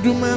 du ma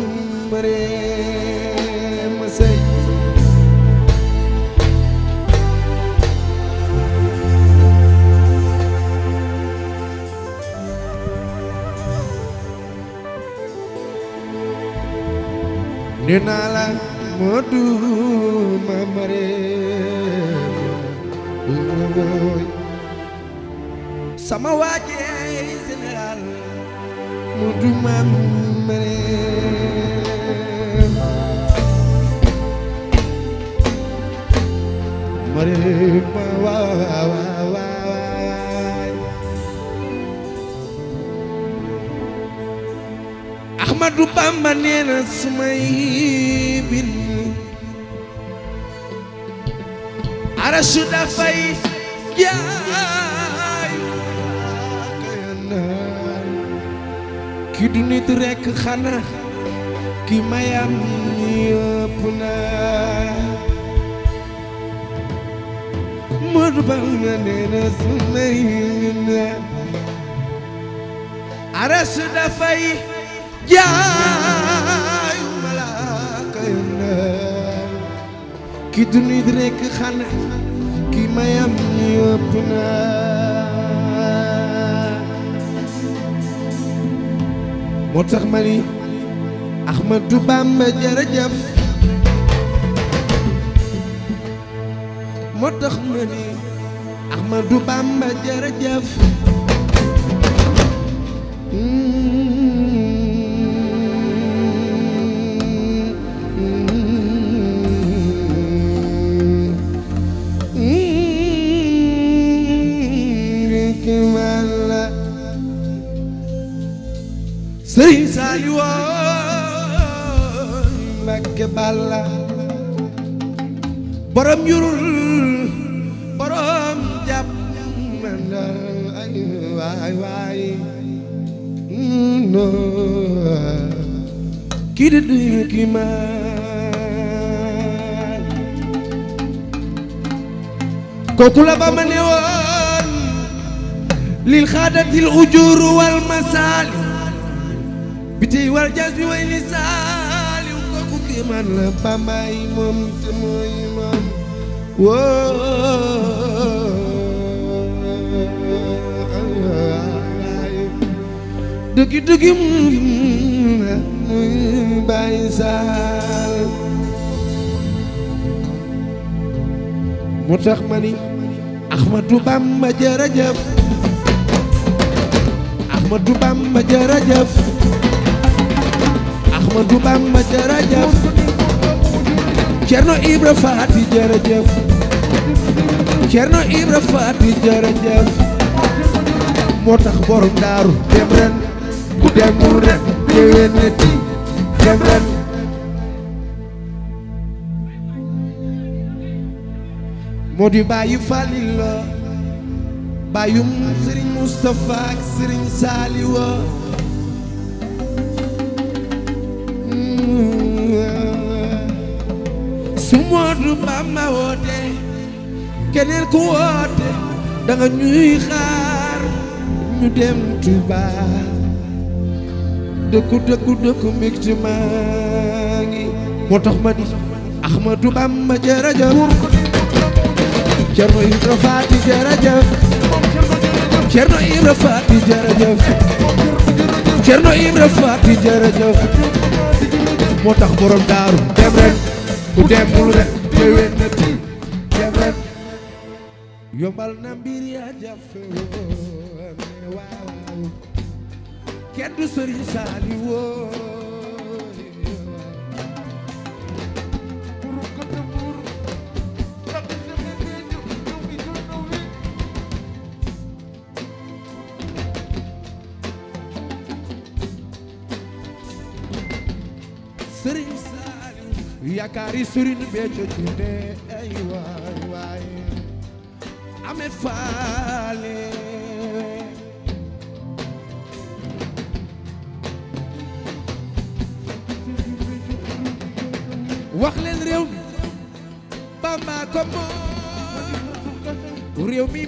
Kumba jërëjëf moo tax ma ni Ahmadou Bamba jërëjëf kooku la ba ma ne woon lil xaadatil ujur wal masaali bitey wal jas bi way ni saaliw kooku kéemaan la bambaay moom te mooy moom woo dëggi dëggi muy bàyyi saal moo tax ma ni Ahmadou Bamba jërëjëf Ahmadou Bamba jërëjëf Ahmadou Bamba jërëjëf Cerno Ibra Faati jërëjëf Cerno moo tax borom daaru dem ren ku demul ren déwénati dem ren moo di bàyyi Falilou bàyyum sëriñ Moustapha sëriñ Saliwa su Moodu Bamba woote keneen ku woote da ñuy xaar ñu dem Touba dëkku dëkku dëkku mbégte moo tax ma ni Ahmadou Bamba jërëjëf Cerno Ibra Faati jërëjëf Cerno Ibra Faati jërëjëf Cerno Ibra Faati jërëjëf moo tax borom daaru dem ren bu demul ren déwén na ti dem ren yombal na mbir ya jafe woon waaw kenn du sori saali woon yaakaari Serigne Béthio Thioune ay waay ame faale wax leen réew mi Bamba ko moom réew mi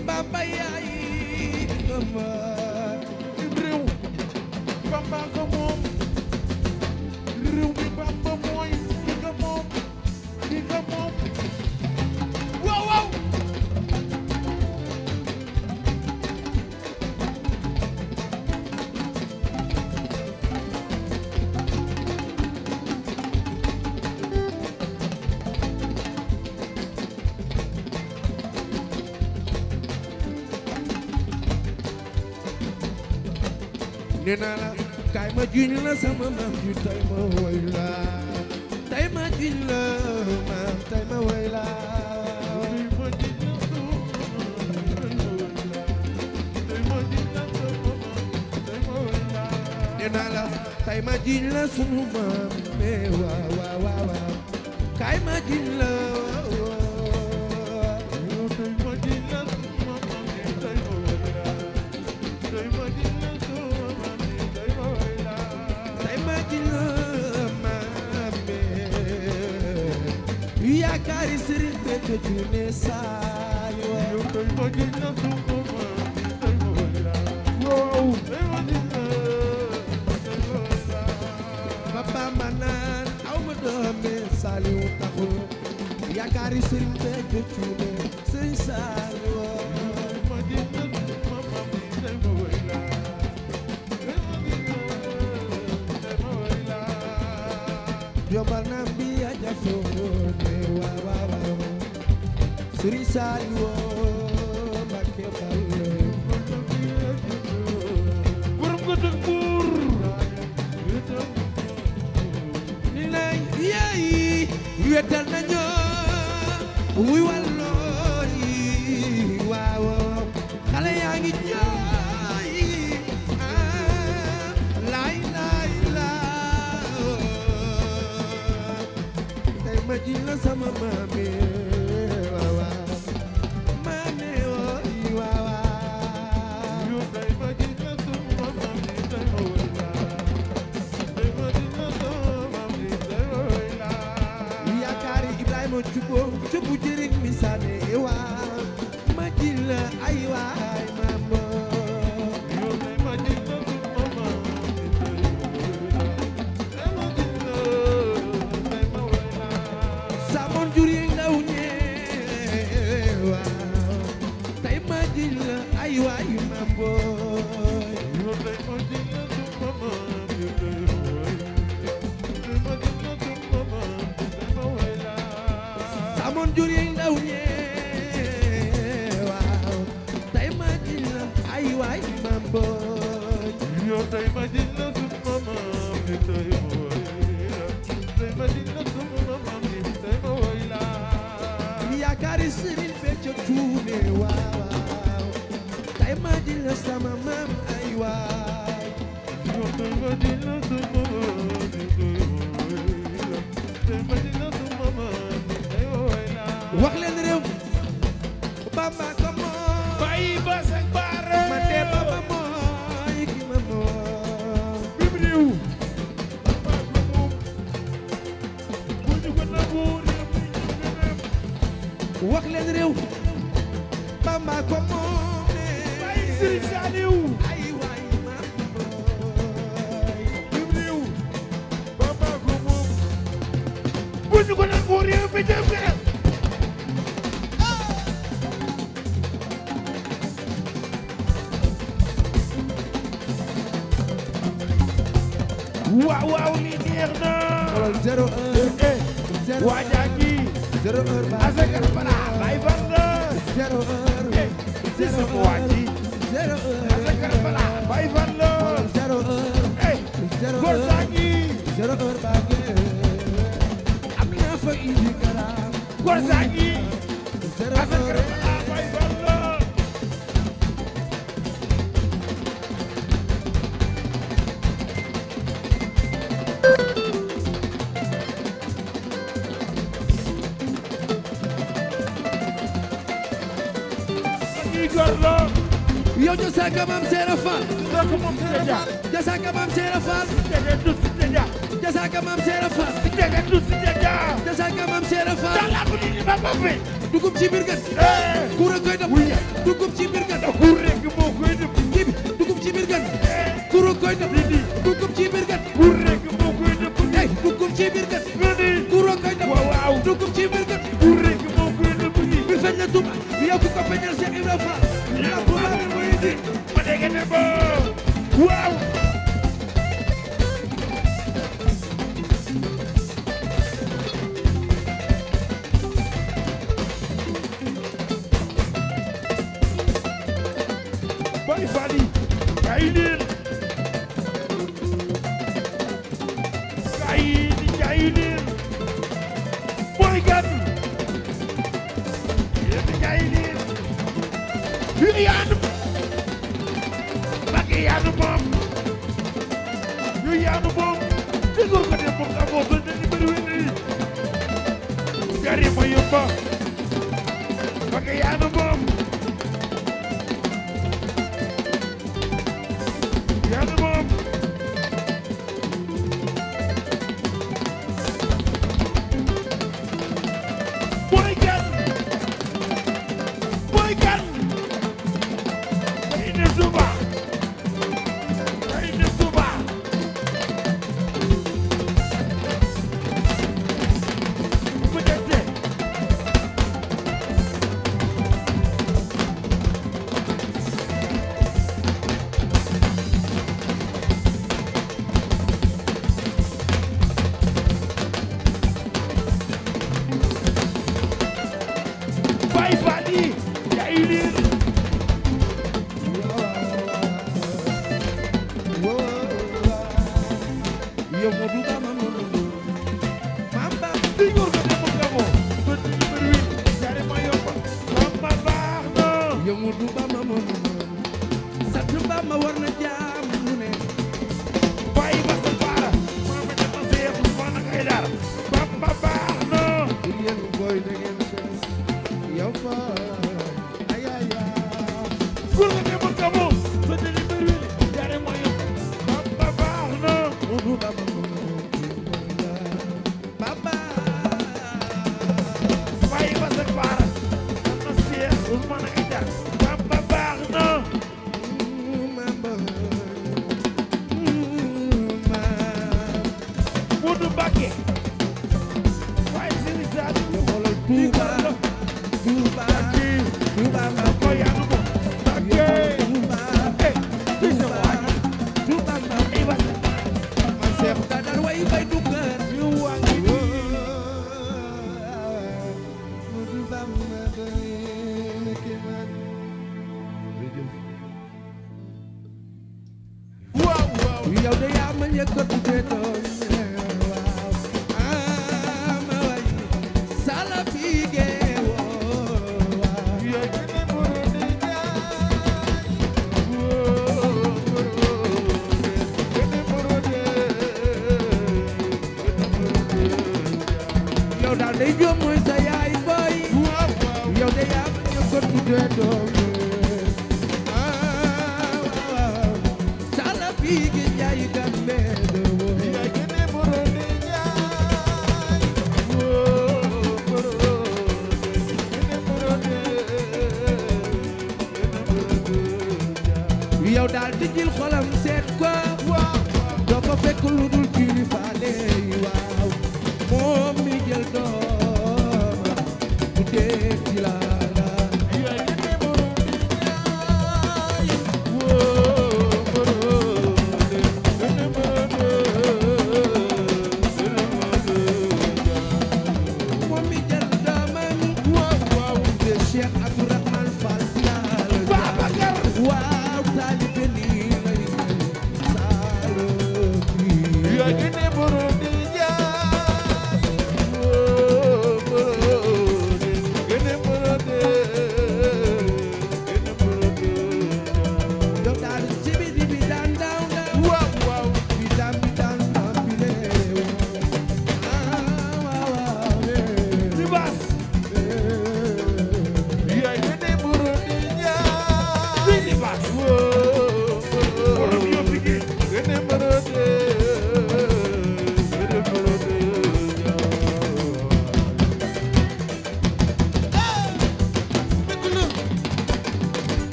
bëgg naa la kaay ma juñ la sama maam ju tay ma woy la tay ma juñ la maam tay ma woy la nee la tay ma juñ la sunu maam me waaw waaw waaw kaay ma juñ la yaakaari sëriñ be ko junne saayo yow koy ma gëj na suma papa ma naan aw ma doome Saliw taxul yaakaari sëriñ be ko junne sëriñ Saliw yombal na Serigne Saliou Mbacké Fall borom ko dëkk buur ni lay yeey wetal nañu wuy walloor yi waaw xale yaa ngi jooy laay laay laay tey ma ji la sama maam boobu te bu jëriñ mi sànni waa bi sëriñ Béthio Thioune waaw waaw tay ma di la sama maam ay waay ko moome bay Sëriñ Saaliw ay way man jib riw bamba ko moom bu ñu ko mi gorlo yow ñu sàkk maam Seera Fall ko moom ja ja sàkk maam Seera Fall tege tut ci ja ja sàkk maam Seera Fall tege tut ci ja ja sàkk maam Seera Fall da la ko ni ba boppé dugub ci biir gën ku rek koy def dugub ci biir gën ku rek moo koy def dugub ci biir gën ku rek koy def dugub ci biir gën ku rek moo koy def dugub ci biir gën ku rek koy def dugub ci biir gën feeñ la Touba yow ku ko feeñal Cheikh Ibrahima Fall la bu baax mooy indi ma dégg ne boo waaw yow daal day jóom mooy sa yaay booy yow de yaa bañ a ko tuddee doom lu dul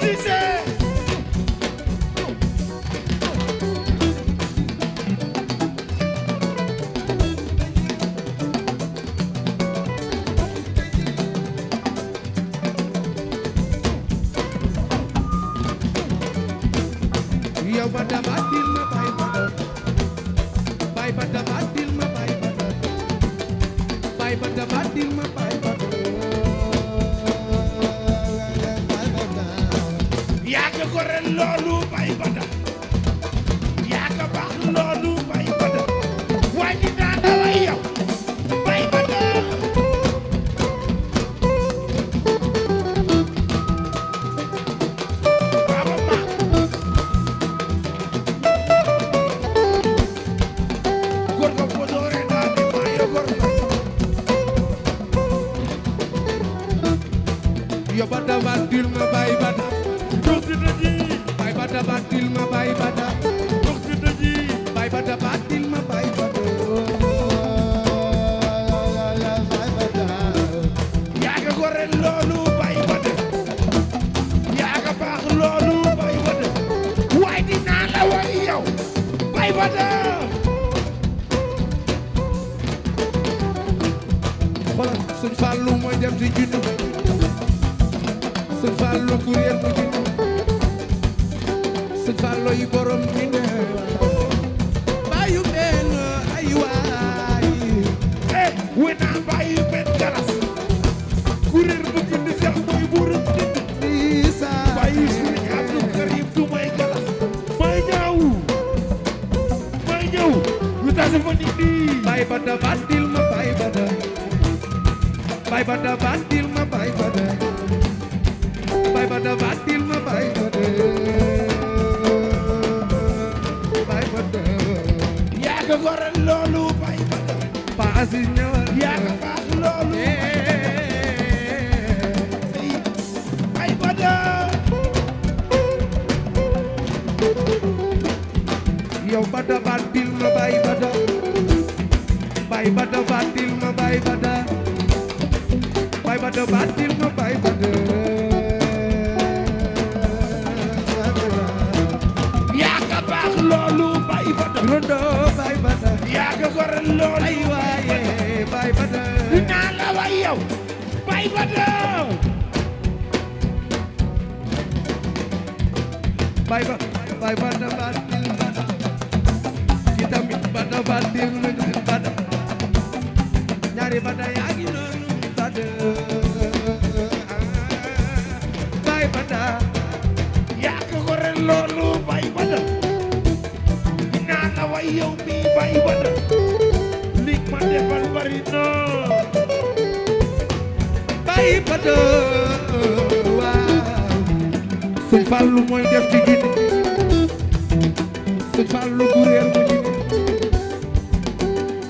Cissé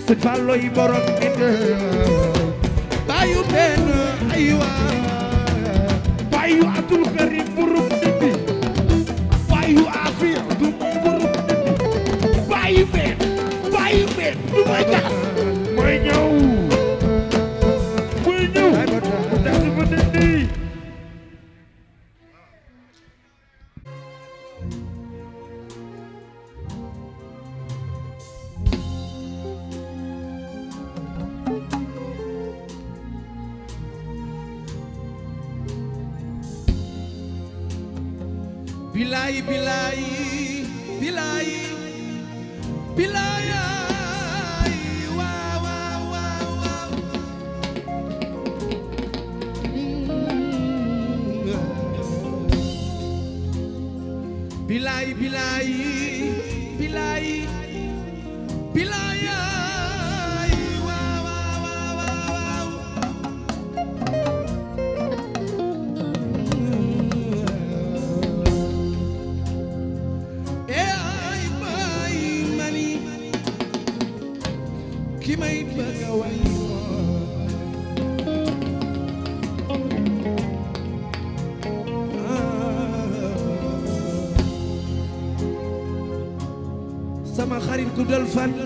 si palooy borom nit baayu benn aywa baayu Abdul Karim borom nit baayu Afia du borom nit baayu benn baayu benn du ma guddal a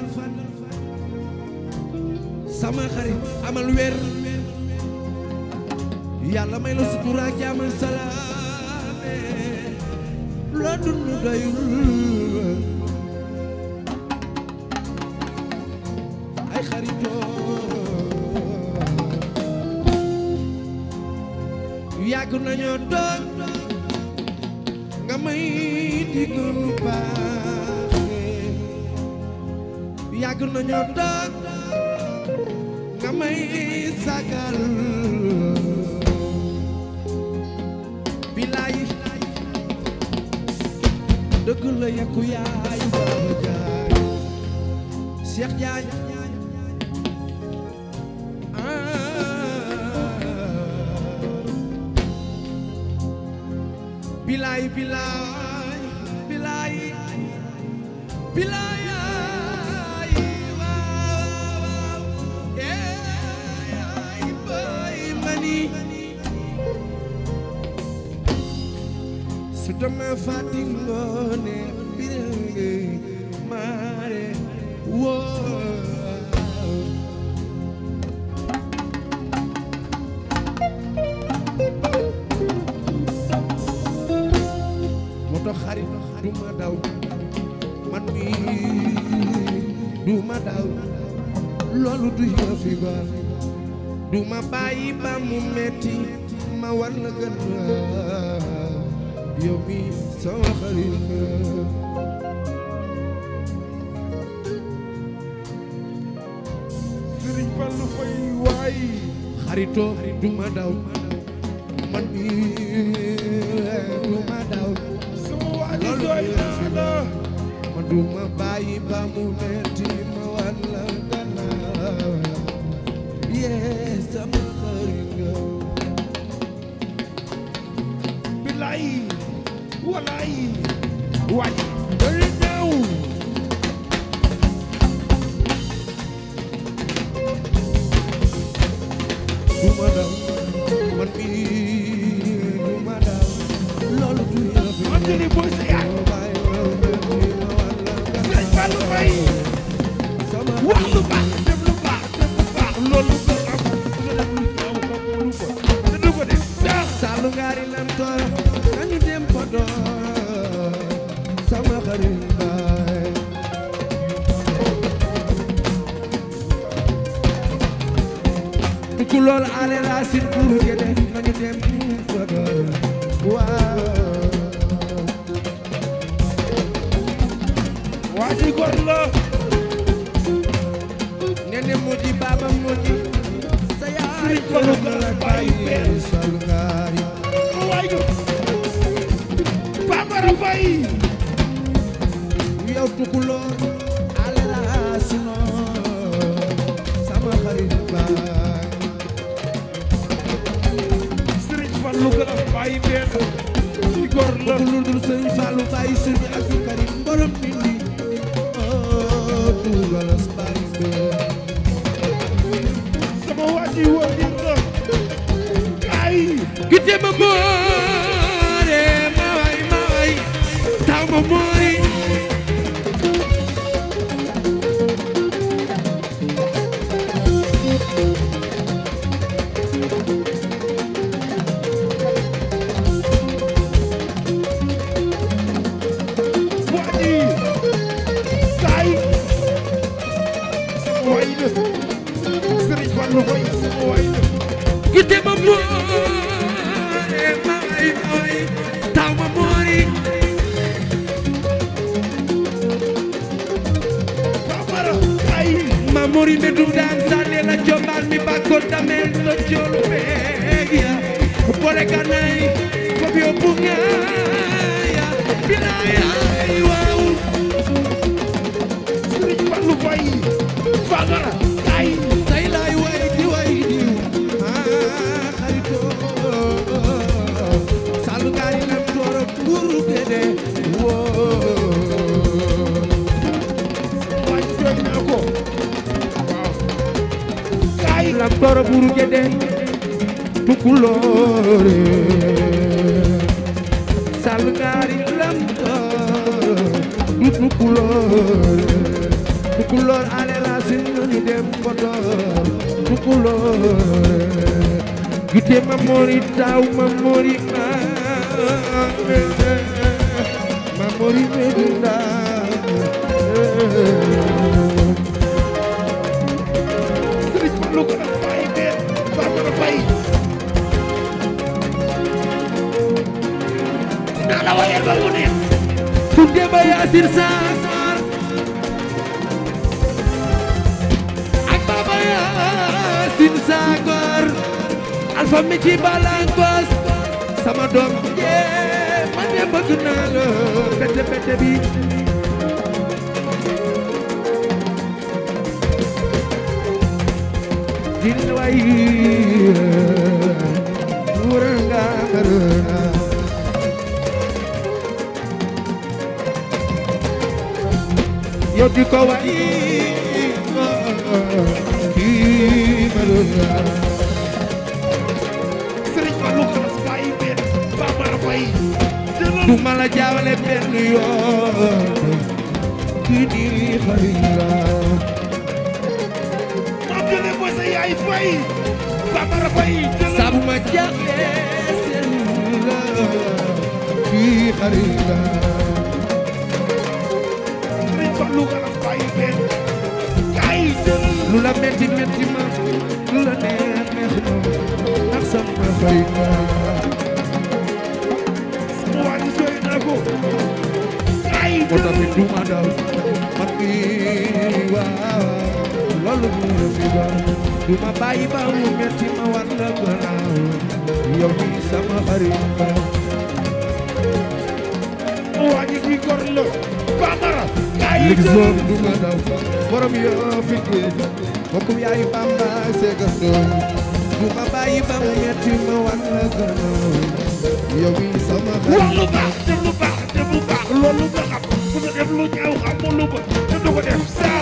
du ma daw man du ma daw loolu man du ma bàyyi ba mu metti ma walla gannaaw yee sama xarit nga bilaay walaay waaj ma daw man mii du ma daw loolu du yàlla wax lu baax ale rasin kuru gede mangi dem faga waaw waaji góor la nene moji baba moji sa yaay kolu kala bayu bel salungari waayu baba rafay yow tukulor waaye benn ci góor la lu dul sëñ Saalu tay sëñ Abdu Karim borom nit ñi dugalas bari sama waa ji woo di ay gite ma bi din way wuranga barana yo di ko way di barana Serigne Fallou Xalass Baye Ben Famara Faye du ma la jaawale benn yoon ki diri xarila mam jële mooy sa yaay fay Famara fay saabu ma jàppe seen la ki xarila min fa lu xalas bàyyi benn kay jël lu la metti metti ma lu la neex neex ma ak sama xarila kon na fi duma daw man mii waaw loolu mu la fi ba duma bàyyi ba mu metti ma war la gannaaw yow mii sama xarit ba wañi bi gor lo bamara kayi zor duma daw borom yoo fi géej bokkum yaayu bamba seega soom duma bàyyi ba mu metti ma war la gannaaw yow mii sama xarit ba loolu baax te bu baax loolu def lu ñaaw xamul ko te du ko def saa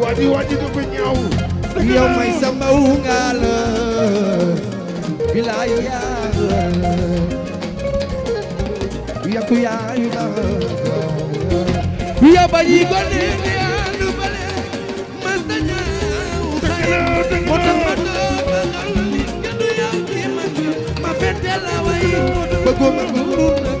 wadi wadi du fi ñëw yow may sama wu nga la bilaayu yaa yakku yaayu la ya bayi gone yaalu bale masanya motam ma fete la way bëgguma ko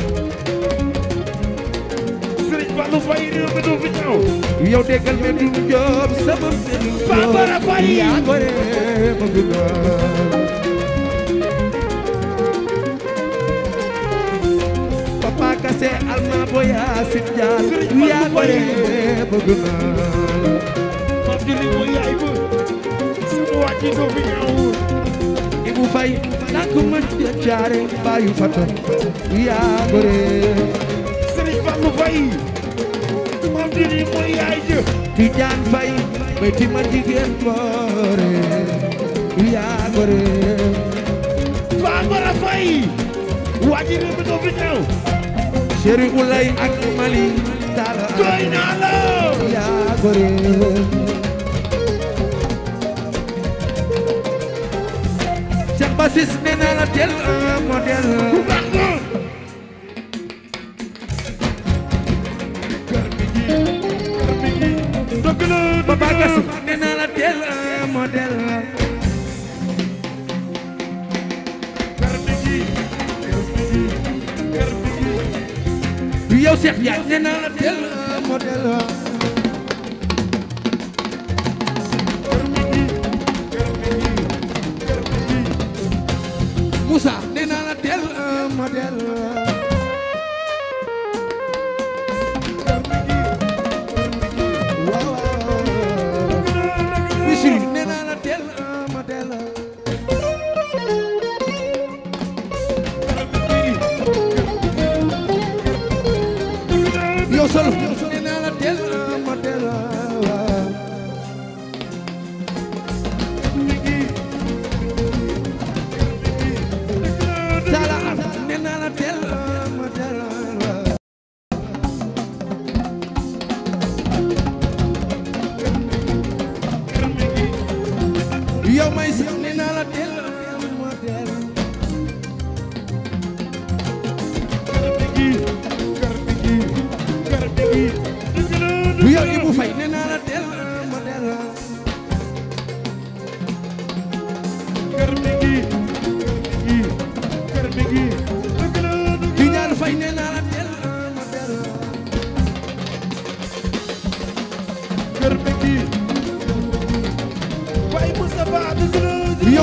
du fay réew mi du fi ñëw yow déggal me du job sama Bambara Faye yaa gore ma papa kase alma boya sit jaar yaa gore bëgg naa ma julli mu yaay bu sunu wàcc du fi ñëw ibu fay nak ma jaare baayu fatam yaa di di mooy yaay ji ti jaan fay bay ti ma jigéen boore yaa gore faamara fay waaji réew mi doo fi ñëw ak mali dara doy naa la yaa gore Cheikh Bassis nee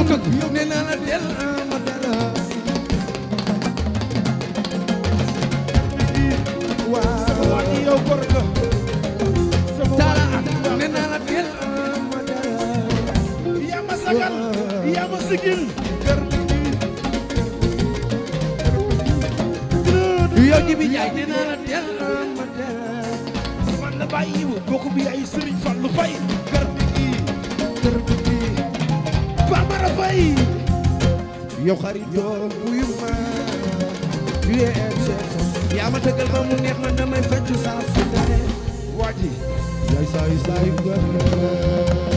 tëgg ne naa la del ma dara waaw yow góor nga taala ne naa la del ma dara yaa ma sagal yaa ma sigil yow jibi jaay ne naa la del ma dara man la bàyyi bokk bi ay Serigne Fallou Faye fay yow xaritoo buy ma tu es exception yaa ma tëggal ba mu neex man damay fecc saa su ne waa yaay saay saay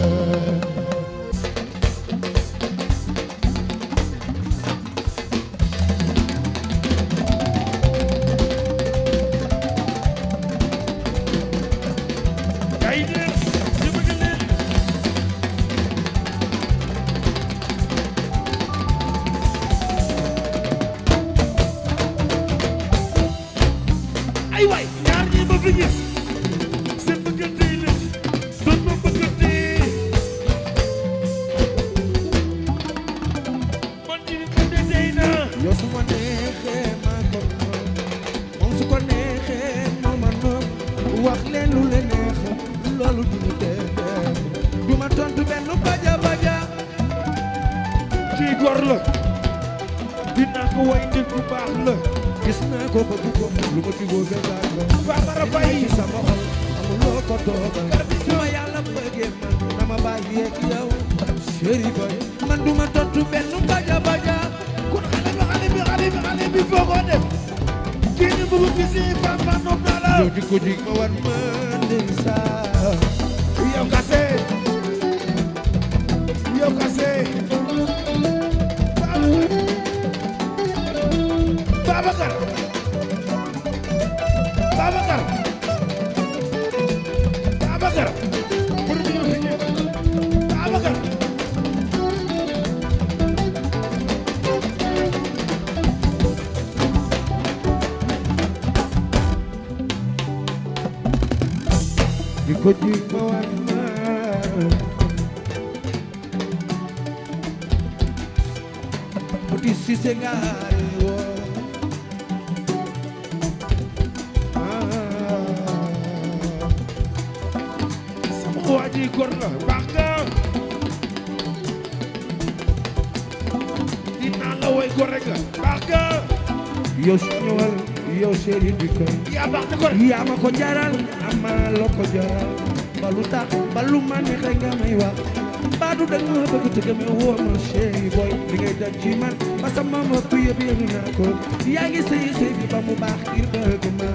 yaa ngi sëy ba mu baax ngir bëgg ma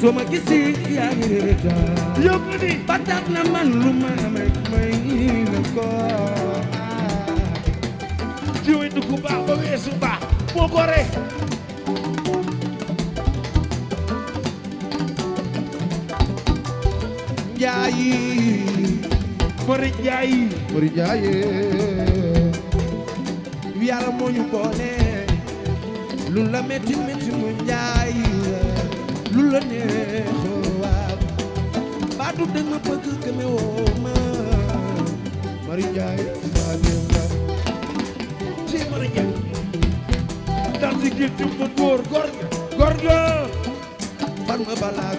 soo ma gisee yaa ngi reetaan yóbbu ni ba tax na man lu ma may may na ko jiwee du ku baax ba weesu baax moo ko lu la metti metti mu lu la neexoo waaw baatu danga bëgg gëme woo ma mari njaay maa la ci mari njaay dansi gil tim góor góor góor la ma balaa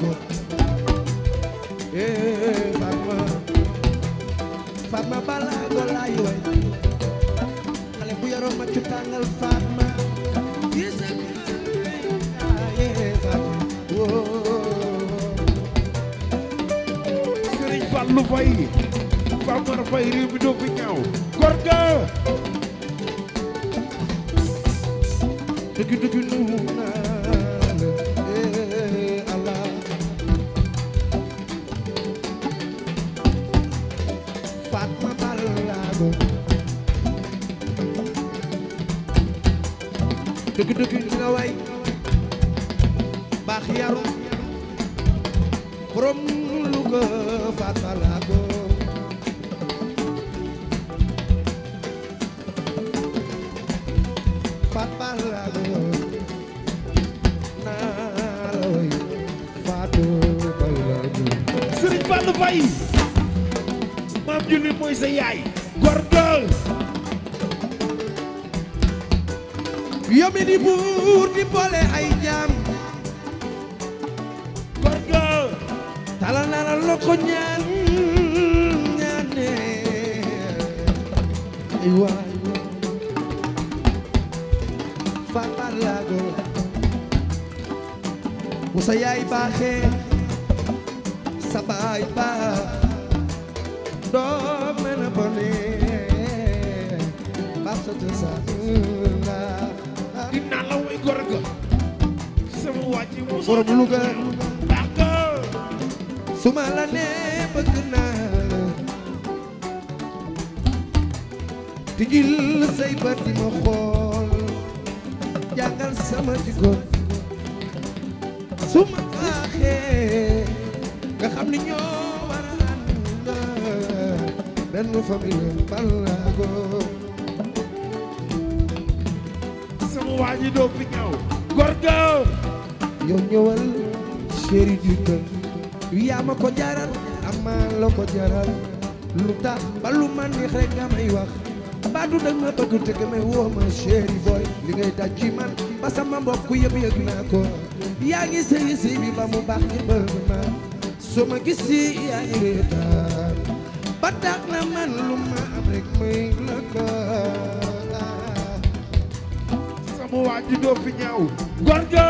ee fan ma fan ma way xale bu yaroo ma tàngal fa Fallou Faye Famara Faye réew mi doo fi ñaaw góor ga dëgg nu naa ee eh, Allah Fatma Balago dëgg dëgg nu nga way baax yaru borom Njaay gorga di buur di boole ay jaam gorga talal naa la loko waay fatar laago bu sa yaay baaxee sa baay baax doo dinaa la woy góor ga sama waa ji mu góor bu Louga su ma la nee bëgg naa tijil say bët di ma xool jàngal sama jikko benn famille balago sama waa ji doo fi ñëw góor gaaw ñëwal chéri du cœur yaa ma ko jaral ama la ko jaral lu tax ba lu ma neex rek may wax ba du bëgg te woo ma chéri boy li ngay daj ci man ba sama mbokk yëpp yëg naa ko yaa ngi sëy sëy bi ba mu baax bëgg naa soo ma gis yaa ngi ma sama waa ji doo fi ñaaw góor ga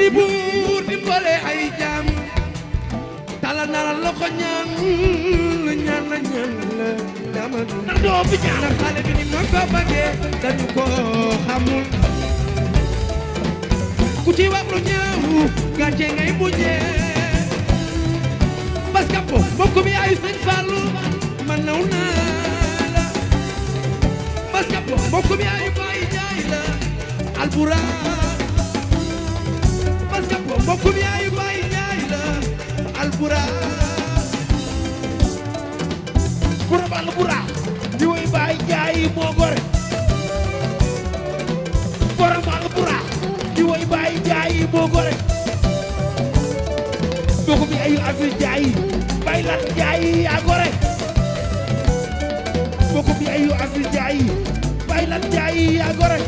di buur di boole ay jaam tala nara la ko ñaan la ñaan la ñaan la dama du doo fi ñaaw na xale bi ni ma ko bëggee dañu ko xamul ku ci wax lu ñaaw gàcce ngay mujjee Bas Kampo mbokk mi yaayu sëñ Fallu man naw naa la Bas Kampo mbokk mi yaayu Baay Njaay la Alburaan Bas Kampo mbokk mi yaayu Baay Njaay la Alburaan Buram Alburaan di woy Baay Njaay moo gore Buram Alburaan di woy Baay Njaay moo gore mbokk mi yaayu Asu Njaay ay lat njaay yaa gore bokku bi ayu asil njaay bay lat njaay yaa gore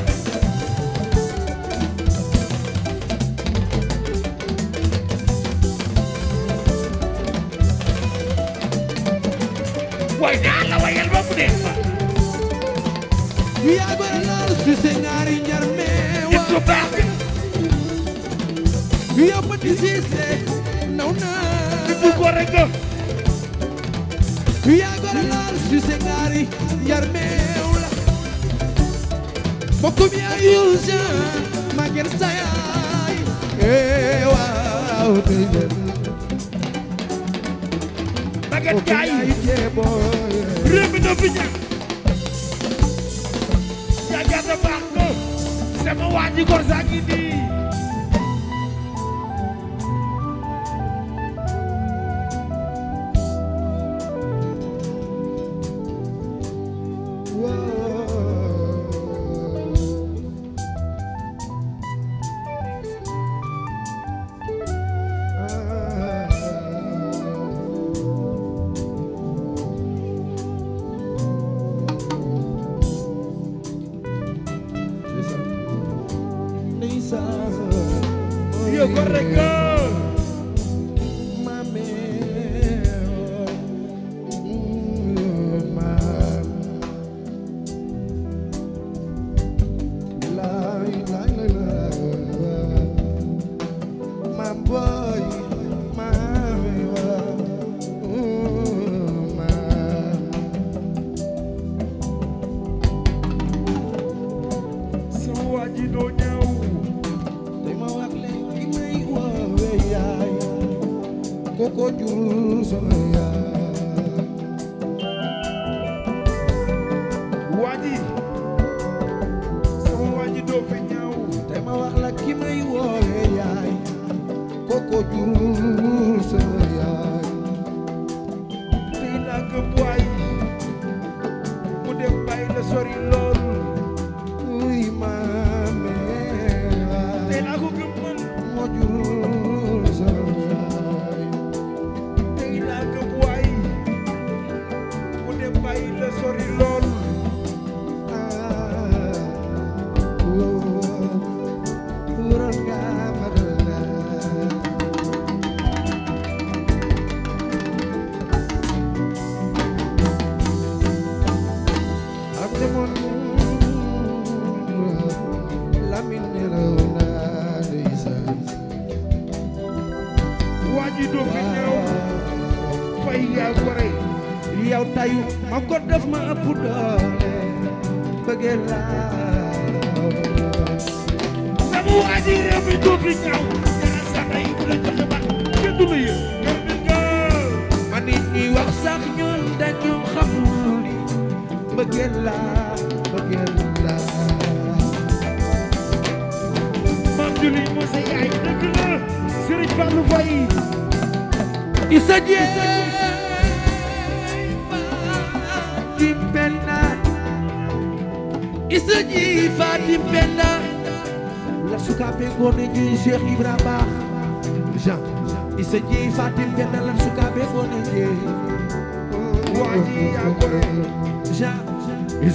way naa la wayal ba mu neex ma yaa gore laal si se ñaari njar meewa it lu baax yaa bëtt si se naw naa it lu gore nga yaa gore lool su sengaari yar meew la bokkum yaa yuusaan ma ger sayaay ee waaw tey jël ma ger gaay réew mi na fi ñàkk yaa jar na baax ko sama waa ji gor saa ngi nii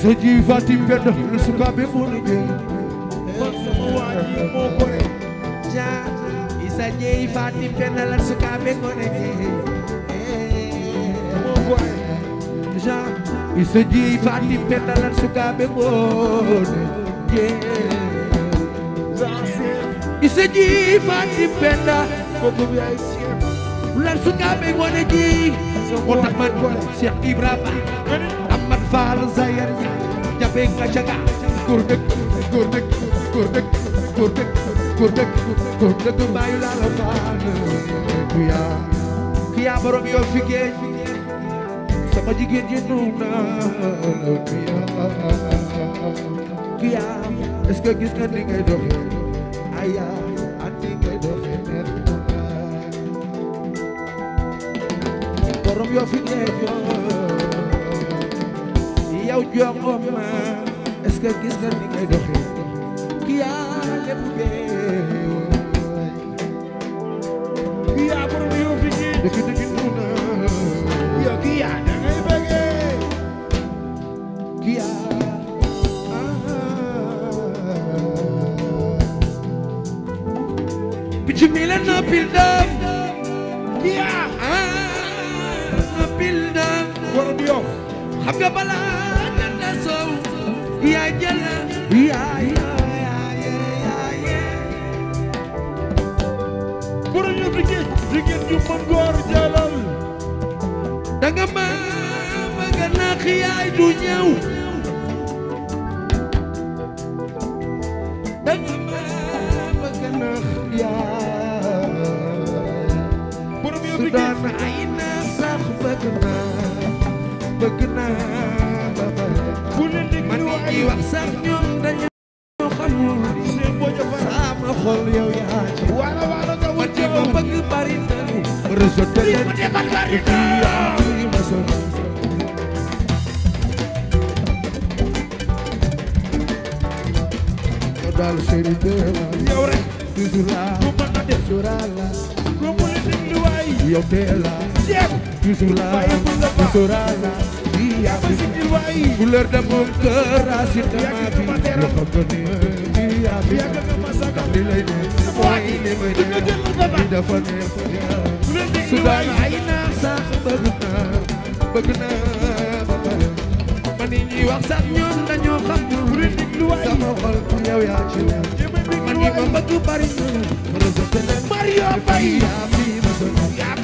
soo jiwi Fatim Penda la sukaabe moo la jëy man sama waa ji moo ko ne jaa isa jiwi Fatim Penda la sukaabe moo la jëy moo ko ne jaa isa jiwi Fatim Penda la sukaabe moo la jëy isa jiwi Fatim Penda faalu sa yar jabe nga caga góor dëkk góor dëkk góor dëkk góor dëkk góor dëkk góor dëkk baayu laa la faalu kuyaa kuyaa borom yoo fi géej sama jigéen ji nu na kuyaa kuyaa est-ce que gis nga ni ngay doxee ayaa ak ni ngay doxee neex borom yoo fi géej yoo yokk ma est-ce que gis nga ni ngay doxee man ñi wax sax ñoom dañu xamul sama xol yow yaa ci wala wala nga wut yow bëgg bari nañu resote leen di ma bari ma so ko dal seri de yow rek toujours la ko ma def toujours la ko mo le déglu waay yow teel la toujours la toujours la couleur de mon a racine de ma vie loo xamante ne bii yaa fi nekk li lay def mooy li may def li dafa neex yaa su daan ay naan sax bëgg naa bëgg naa ba pare ma ni ñuy wax ñoom dañoo xam sama xol bi yow yaa ci nekk ma ni ma bëgg bari ñu Mario Faye yaa fi ma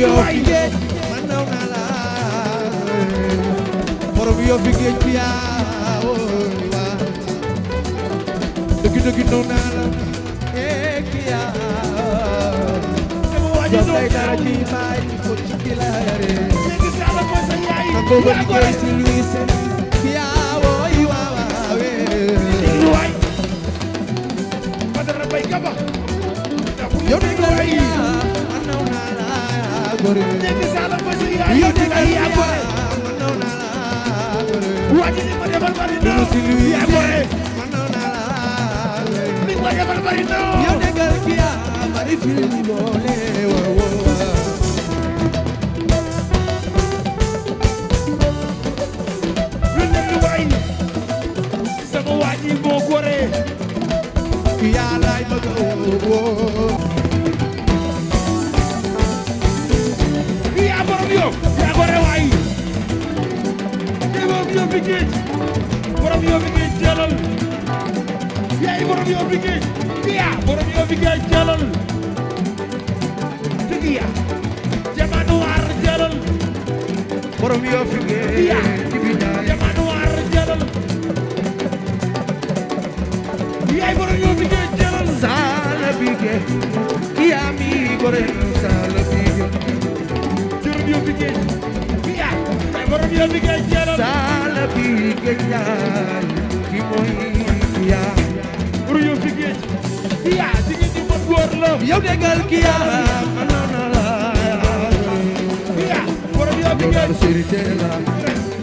yoof yi man naw naa la borom yoof yi géej bi yaa wooy waa dëgg dëgg naw naa la ee ki yaa sama waaji noonu day dara ji baay ko ci ki la si luy seen ki yaa wooy waa waawe dëgg waay ba dara bay gaba yow dëgg la gore degg sala ko ci yaa degg yaa gore waji ni ma defal bari no yaa gore ni ma defal bari no yow deggal ki yaa bari film boole wa wa lu nekk waay sama waji moo gore ki yaa lay bëgg borom yow bi géej borom yow bi géej jëlal yaay borom yow bi géej yaa borom yow bi géej jëlal dëgg yaa jamanu waar jëlal borom yow bi géej yaa jamanu waar jëlal yaay borom yow bi géej jëlal saala bi géej yaa mi borom saala bi géej jërëm yow bi géej saala bi géej ñaar ki mooy kiyaa ruyu fi géej kiyaa si géej ji mën góor la yow déggal kiyaa manoon na la kiyaa borom yow fi géej sorité la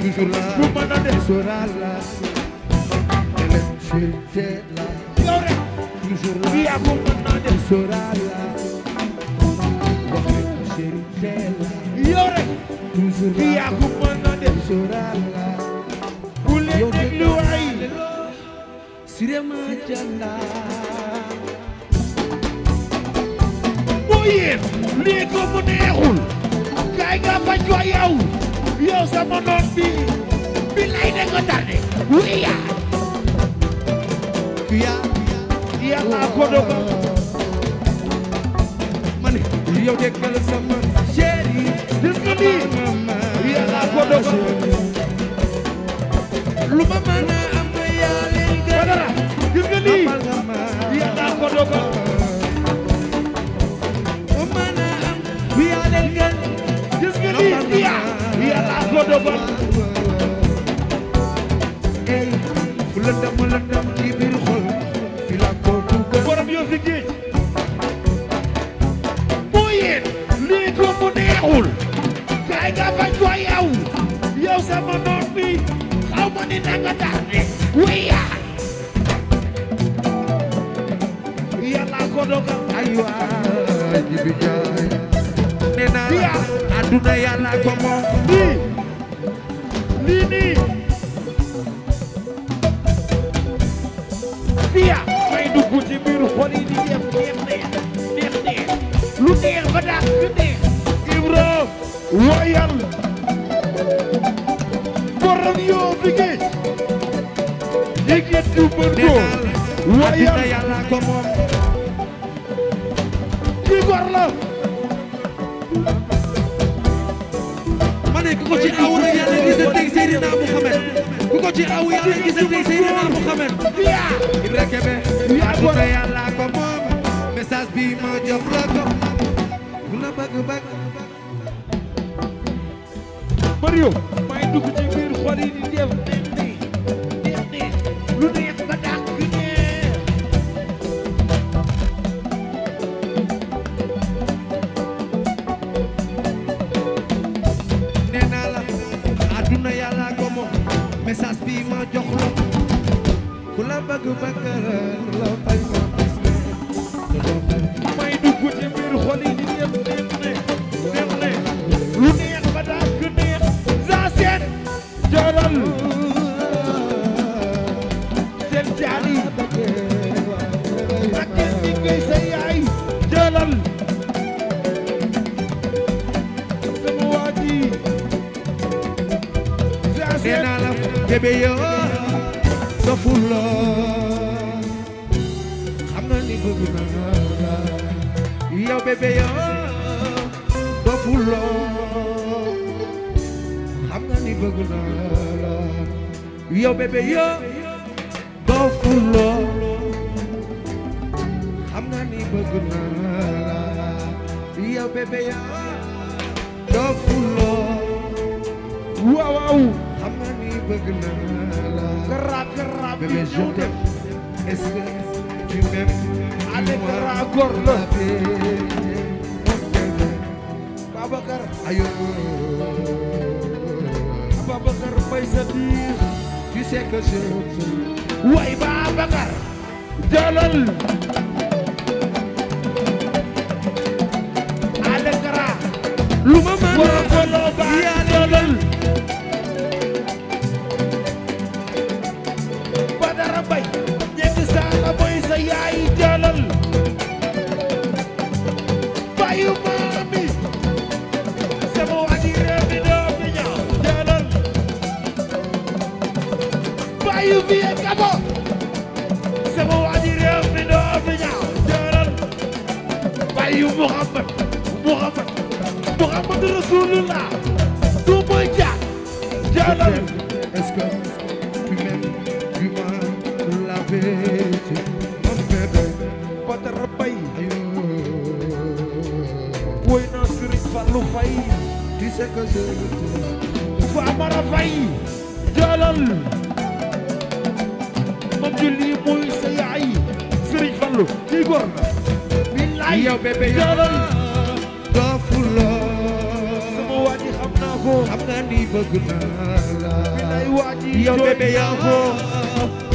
toujours la bu mën a def soral la sorité la yow rek toujours la kiyaa bu mën naa def soral lii nii may dugg ci biir xol di def neex neex neex lu neex ba daa gën neex Ibra woyal borom yoo fi géej jigéen du mën ko woyal addina yàlla ko ci aw rek yàlla gisante Seydina Muhammad ku ko ci aw yàlla gisante Seydina Muhammad Ibra Kebe bu ko yàlla ko moom message bi ma jox la ko bu la bëgg bëgg Mario may dugg ci biir xol yi di payeur yow bébé yow doofu loo sama waa ji xam naa ko xam naa ni bëgg naa la yow bébé yow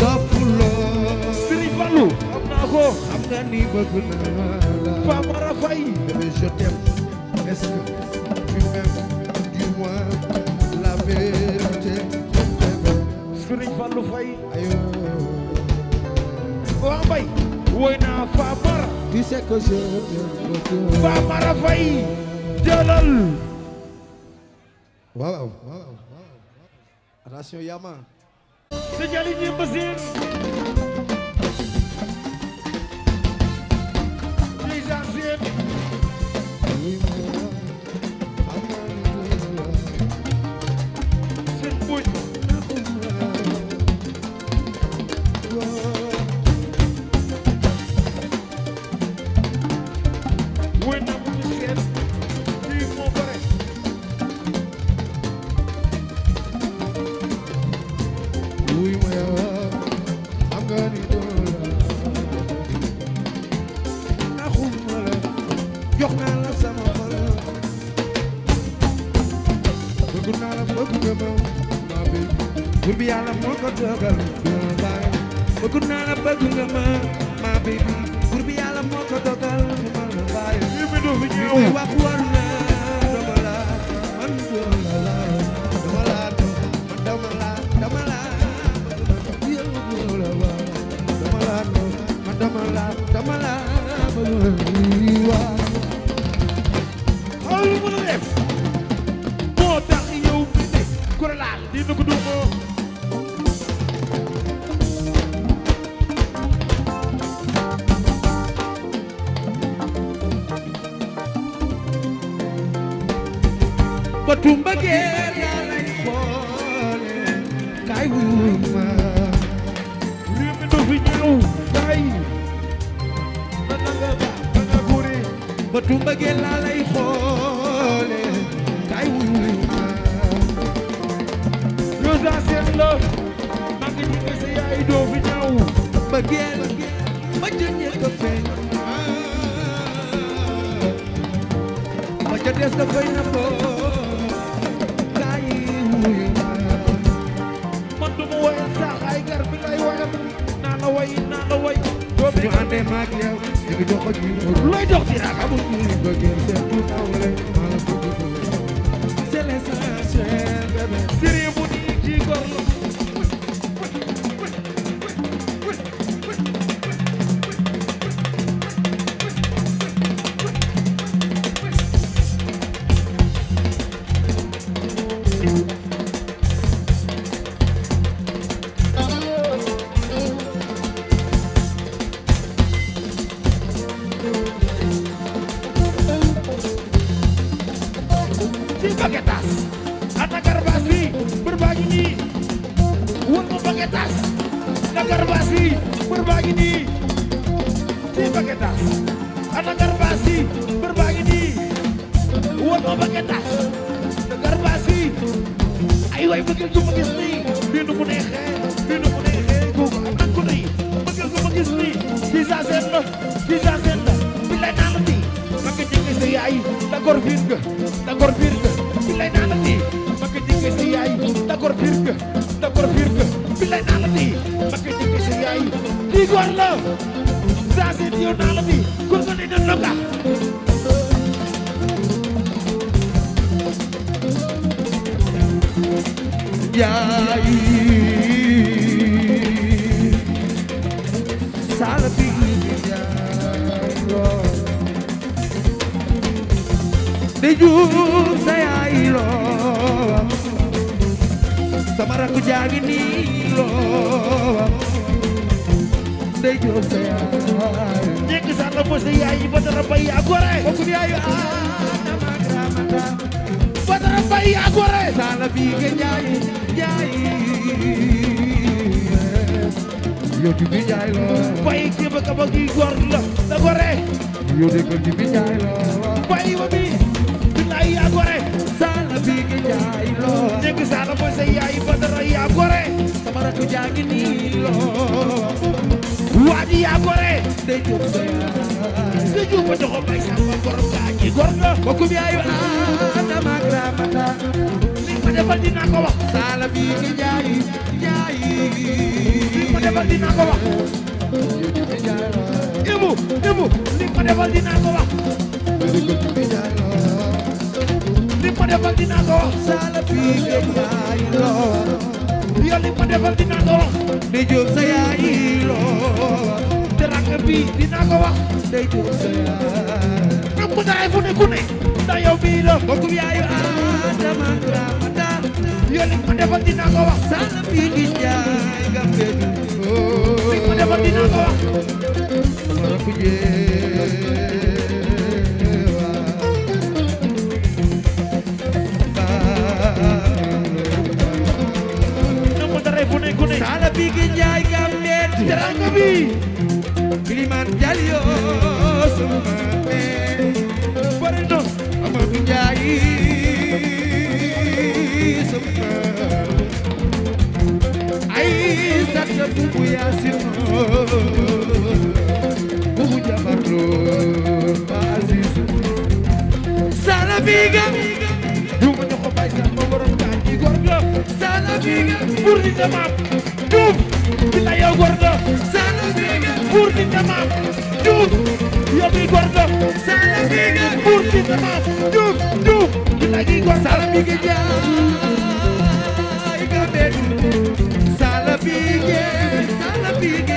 doofu loo Serigne Fallou xam naa ko xam naa ni bëgg naa la Famara Faye bébé je t'aime est-ce que tu m'aimes dis-moi la vérité Serigne Fallou Faye ayo waa Mbaye woy naa Famara tu sais que je t'aime beaucoup Famara Faye jëlal waaw waaw attention ngi nii ma Paquetas Garbaas waay bëggal ko ma gis nii bii nu mu neexee na bi lay naa la nii ma nga jege sa yaay d'accord biir nga bi lay naa la nii ma nga jege sa yaay d'accord biir nga bi lay naa la nii bi góor la saa seet yow naa la bi kon ko ne doon loka yaay saa la bi di juum sa loo sama ndey jóob sa yaay njëkk sax la mose yaay Badara Bay yaa gore bokkum yaayu gore saala bii njaay njaay yoo njaay la bay kéem a kaba gi la gore yoo de ko ji njaay la bay wa bi billaay gore saala bii la njëkk sax la mose gore sama rakk jaa la waadi yaa gore day jóg sa nga jóg ba joxo bay samba gor gaa ji gor la bokkum adama ak li ma defal dinaa ko wax saala bi nga jaayi jaayi li ma defal dinaa ko wax li ma defal dinaa ko wax saala bi nga jaayi loo yow li ma defal dinaa ko wax ndey jóob sa a loo te rakk bi dinaa ko wax ndey jóob sa yaay rëbb naa fu ne ku ne ndax yow bii la bokku yaayu Adama Ramata yow li ma defal dinaa ko wax sala bi di jaay gambe du li ma defal ne ku bi gi njaay gambet teranga bi kiliman jalyo suma ne bari no ama bi njaay suma ay sakta bubu yasin bubu jabarro basis sala bi gambet buur di jamaam juuf dina yow gordo buur di jamaam juuf yow di gordo buur di jamaam juuf juuf dina gi gordo salabi gi jaay ga bedu salabi gi salabi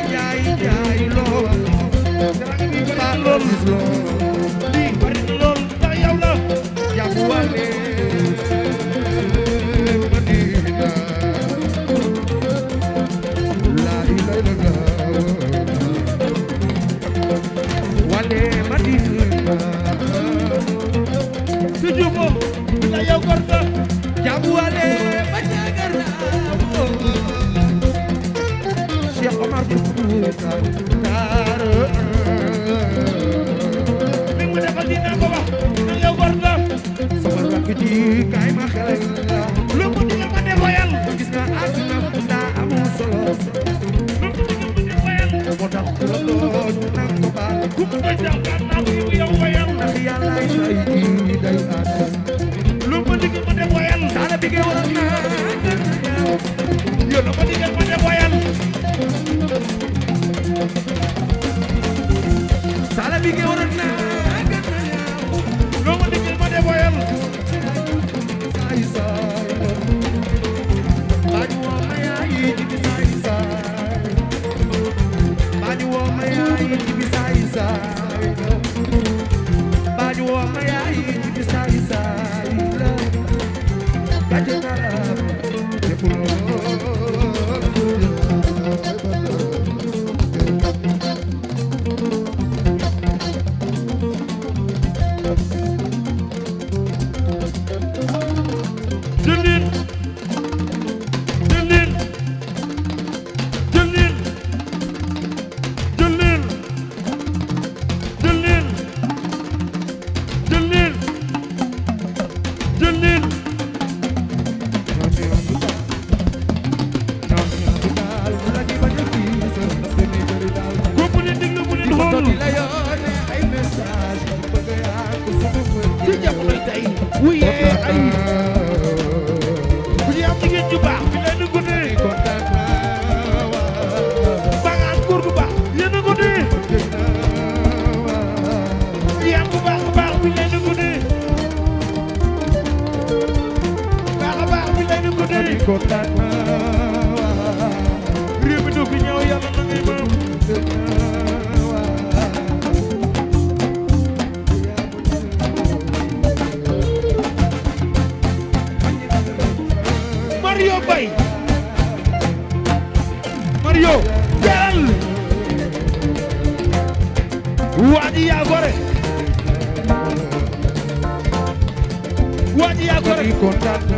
Tata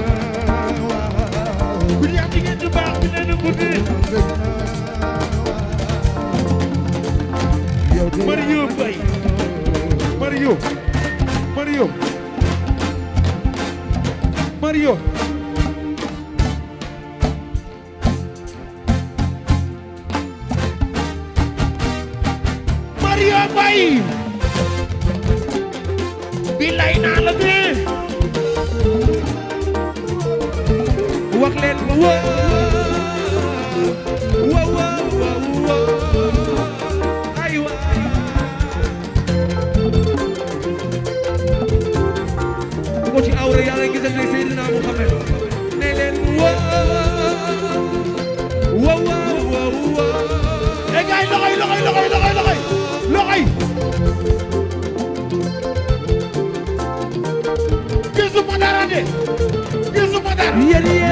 a yéen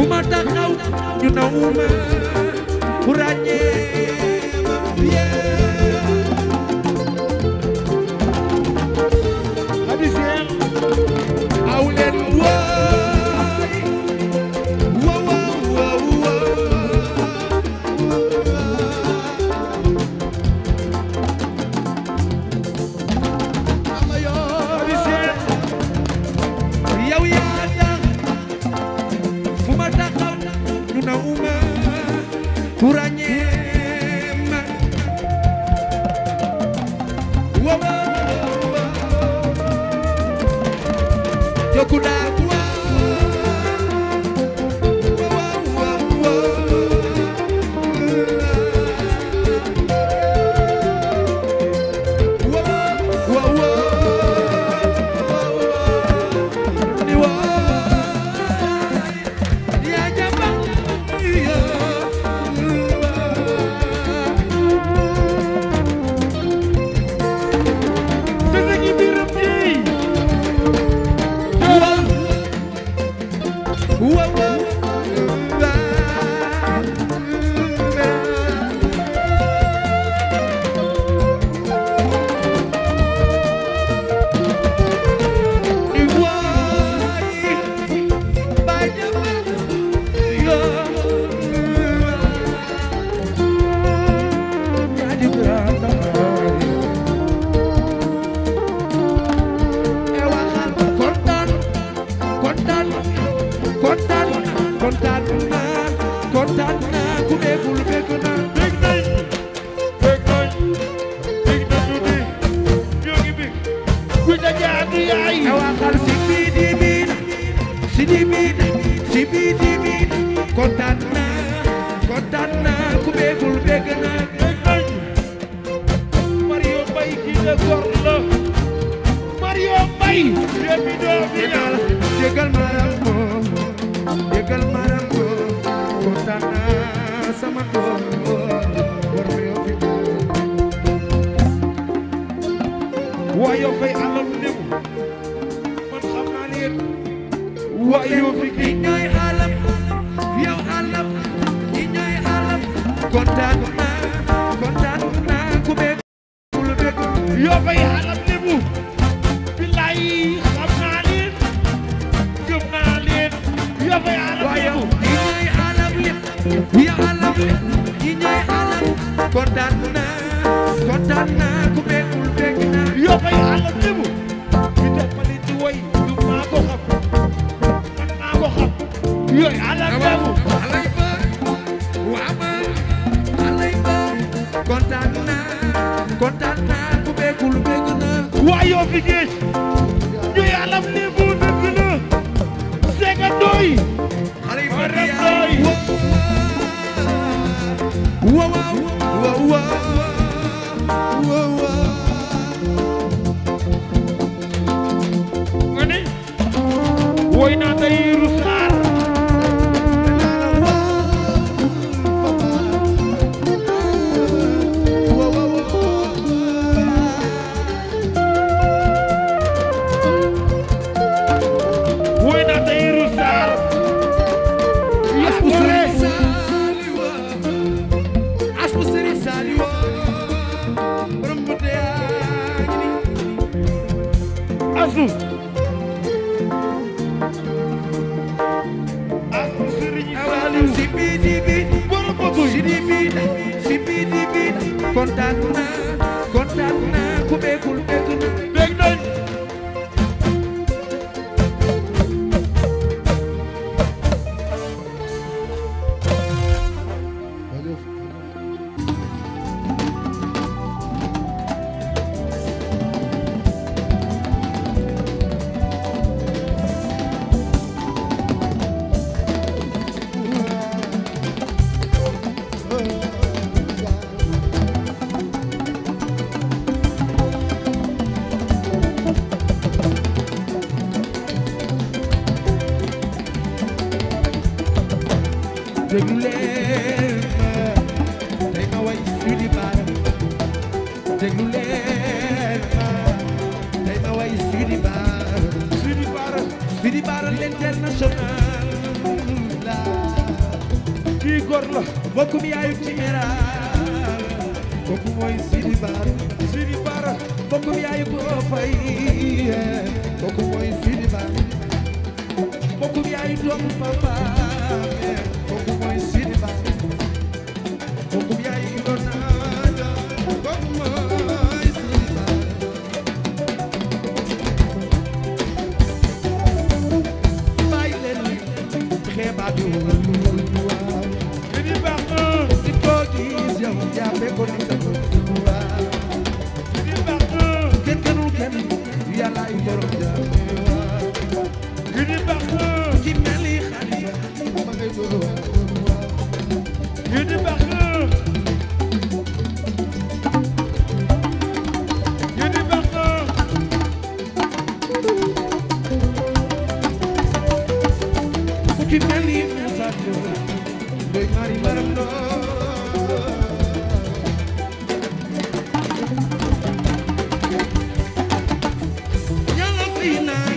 fu ma taxaw ñu naw ma ku ràññee kontaan naa kontaan naa ku nekkul dégg naa yoo koy àll débu bi dëppali ci woy du maa ko xam maa ko xam yooyu àll débu waa yoo fi géej ñuy alam lébu dëgg na sega doy alay ba doy waaw waaw waaw waaw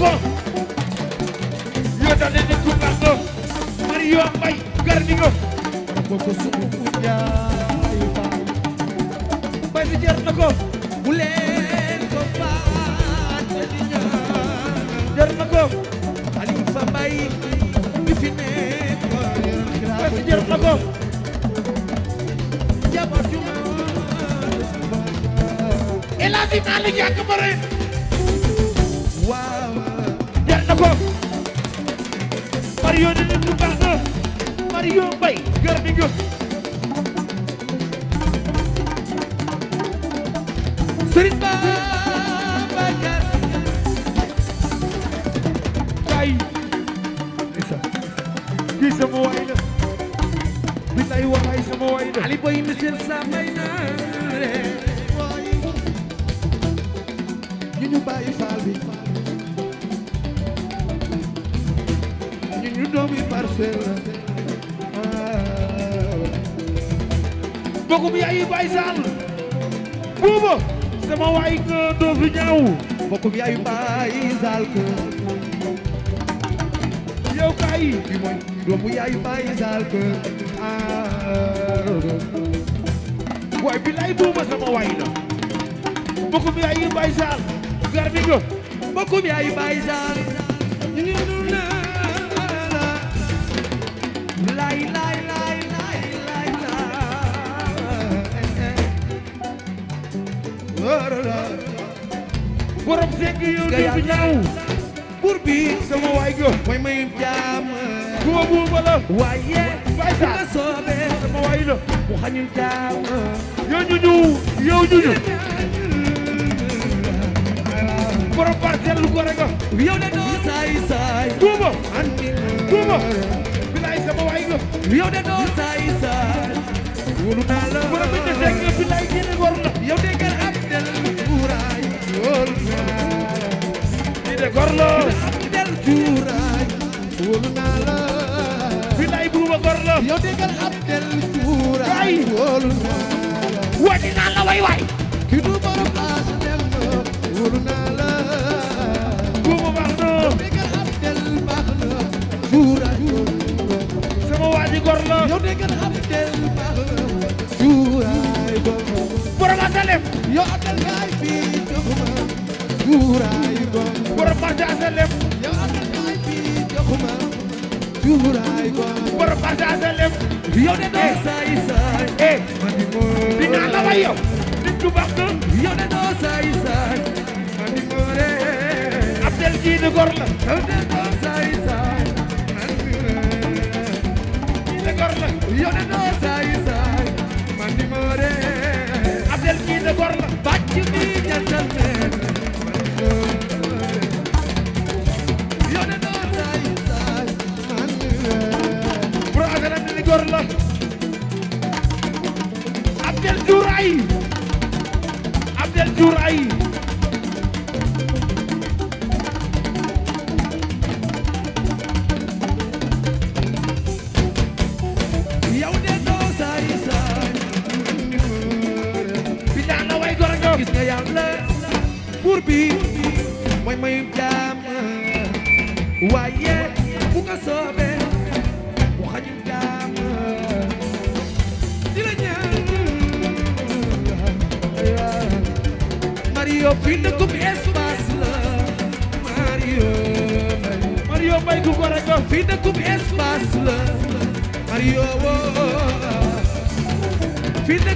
ko yo da le ko bango Mario Mbaye garnigo boko sumu kunya ay faay bay si jar na ko bu leen ko faate di ñaan jar na ko Khalifa Mbaye mi fi ne bay si jar na ko jabar juma El Hadji Malick yàgg bëre Mario ni mu baax na Mario Mbaye gërëm nañ magum yaay Baye Sall buuba sama waay nga doofu ñaaw magum yaay Baye Sall ko yow kay bi mooy doomu yaay Baye Sall ko ah. waay bilaay buuba sama waay la magum yaay Baye Sall gardi nga borom segg yow di ñaaw bur bi sama waay go way may jaam buuba buuba la waaye bay sa soobe sama waay la bu xañu jaam yow ñuñu yow ñuñu borom parcelle lu ko rek yow de doo saay saay buuba buuba bilaay sama waay go yow de doo saay saay wóolu naa la borom bi de segg bilaay génn war na yow de gar lool di de gor lool di del cuuraay wóolu naa la bilaay buuma gor la yow déggal ab del cuuraay wóolu naa la wóolu naa la way way ki du borom laasa del no wóolu naa la buuma baax na yow déggal ab del baax na cuuraay sama waaji gor la yow déggal lépp borom partagé lépp yow de doo saay saay eh dinaa la way yow nit ku baax nga yow de doo saay saay Abdel kii di gor la yow de doo saay saay kii di gor la yow de doo saay saay man di moore Abdel kii di gor la bàcc bi jantal góor la Abdel Diour ay Abdel Diour ay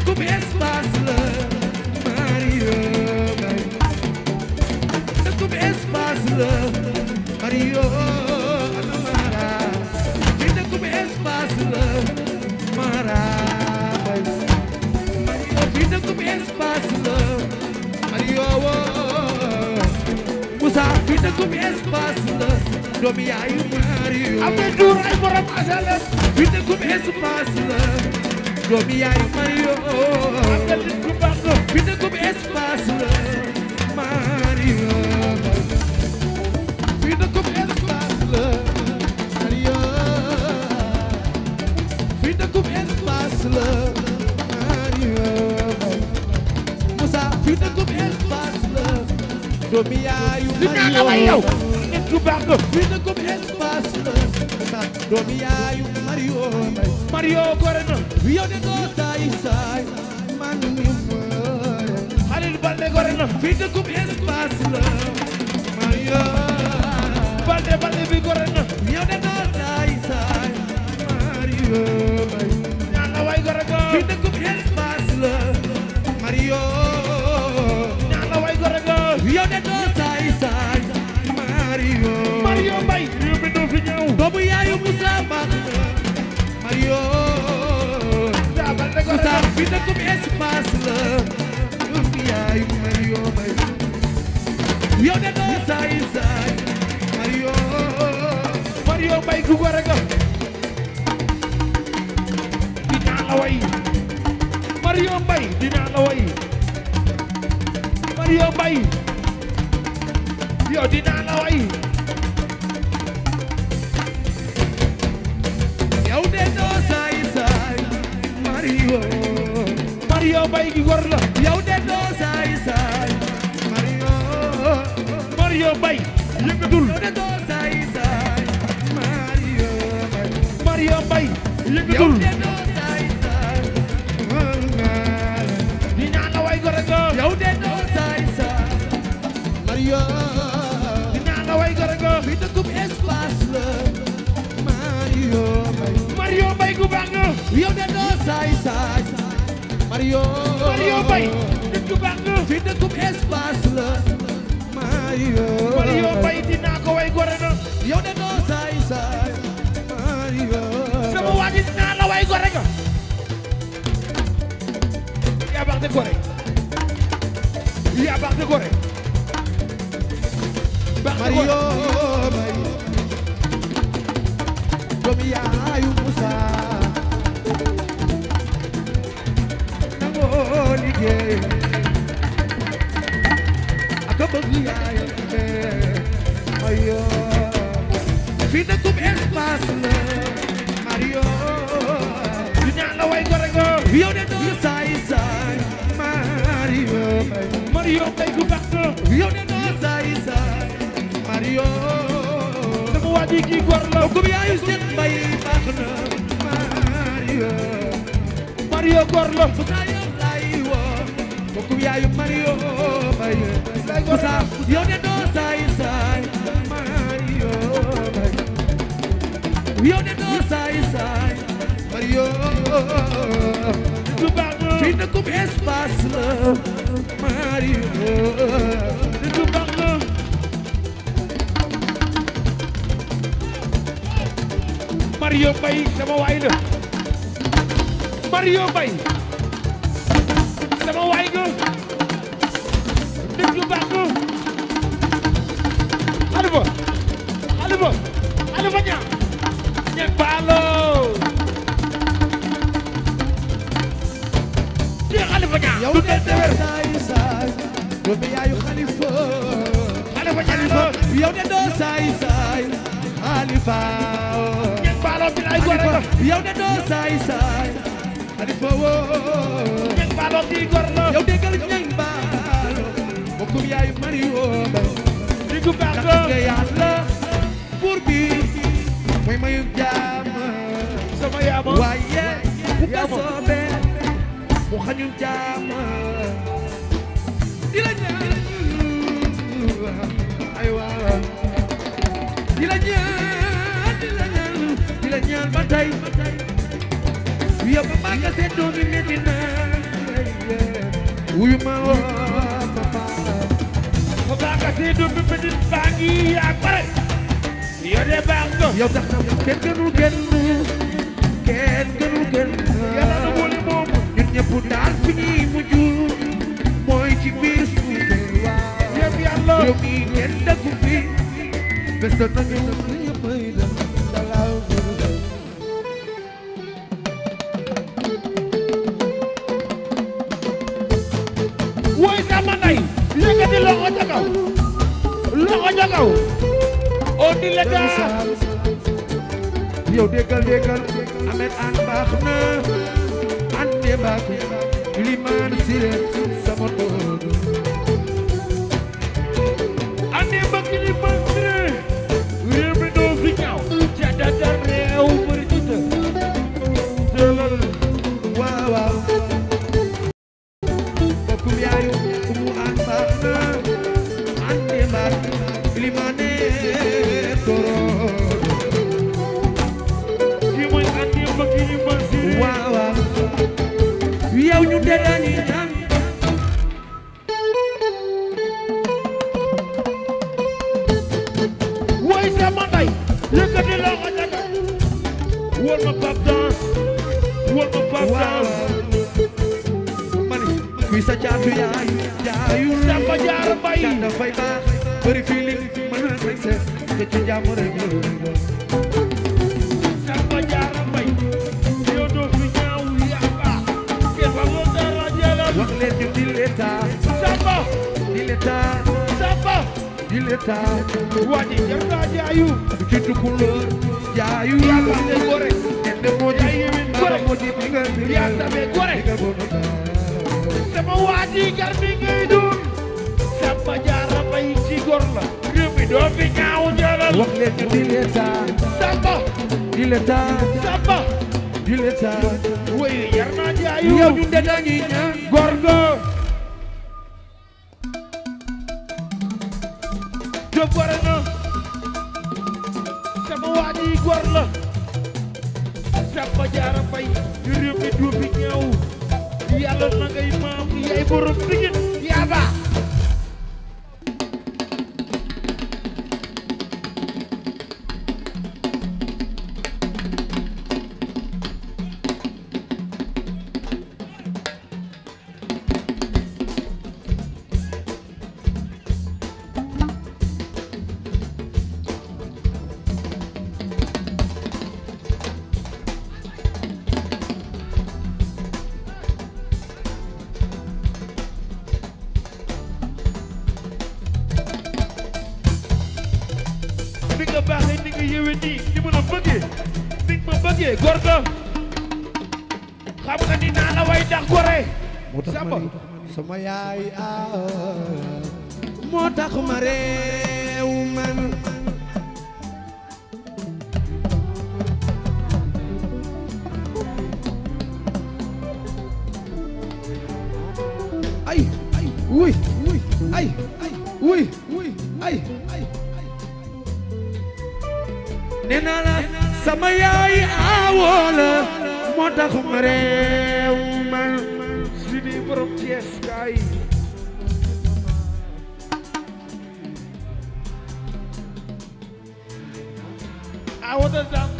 doomi yaayu Mario. am na duur ay borom asale. fi dëkkum espace la. doomi yaay Mario bi dëkkub espace la Mario bi dëkkub espace la Mario bi dëkkub espace la Mario Moussa bi dëkkub Mario bi dëkkub espace la Moussa doomi yaay Mario Mario gore na yow de doo saay saay man ni mare Khalil Balde gore na fii dëkkub espace la Mario Balde Balde bi gore na yow de doo saay Mario ñaan la way gore ko espace la yow Mario Mbaye yow de doo saay saay Mario Mario Mbaye ku gore nga dinaa la way Mario Mbaye dinaa la way Mario Mbaye yow dinaa la way Mario bay gi gor la yow de doo saay saay Mario Mario bay yëngatul yow de doo saay saay Mario bay Mario bay yëngatul yow de doo saay saay ni ñaan la way gor nga yow de doo saay saay Mario ni ñaan la way gor nga fi dëkkub espace la Mario bay Mario bay gu baax nga yow de doo saay saay Mario Mario Bay dëkk baax na fi dëkkub espace la Mario Mario Bay dinaa ko way gore na yow de doo saay saay Mario sama waa ji dinaa la way gore nga yaa baax de gore yaa baax de gore Mario Bay doomi yaayu Musa ko liggéey ak a bëgg yaayam mais ayo fii dëkkub espace la Mario yu ñaan la way gore go yow de doo saay saay Mario Mario kay ku baax yow de doo saay saay Mario sama waa ji kii gor la comme yaayu seet mbay baax na Mario Mario gor la ku yaayu Mario Mbaye Moussa yow de doo saay saay Mario Mbaye yow de doo saay saay Mario fi dëkkub espace Mario du la Mario waay la Mario Mbaye yow de doo saay saay xalifa woo doom di gor la yow déggal ñay mbaalo bokkum Mario Ba di ku baax ndax nga yàlla buur bi mooy la ñaan ay waa di la ñaan di la ñaan di la ñaan ba maa wuyu ma woo papa fa baax nga see doom bi petit baa ngi yaa pare yow de baax nga yow tax na kenn gënul kenn kenn gënul kenn yàlla na boole moom ñun ñëpp daal fi ñuy mooy ci biir suuf waaw yëpp yàlla yow mii kenn dëkku fi bés na di la daal yow déggal déggal amet an baax na an ne baax liman sire sama doon an ne baax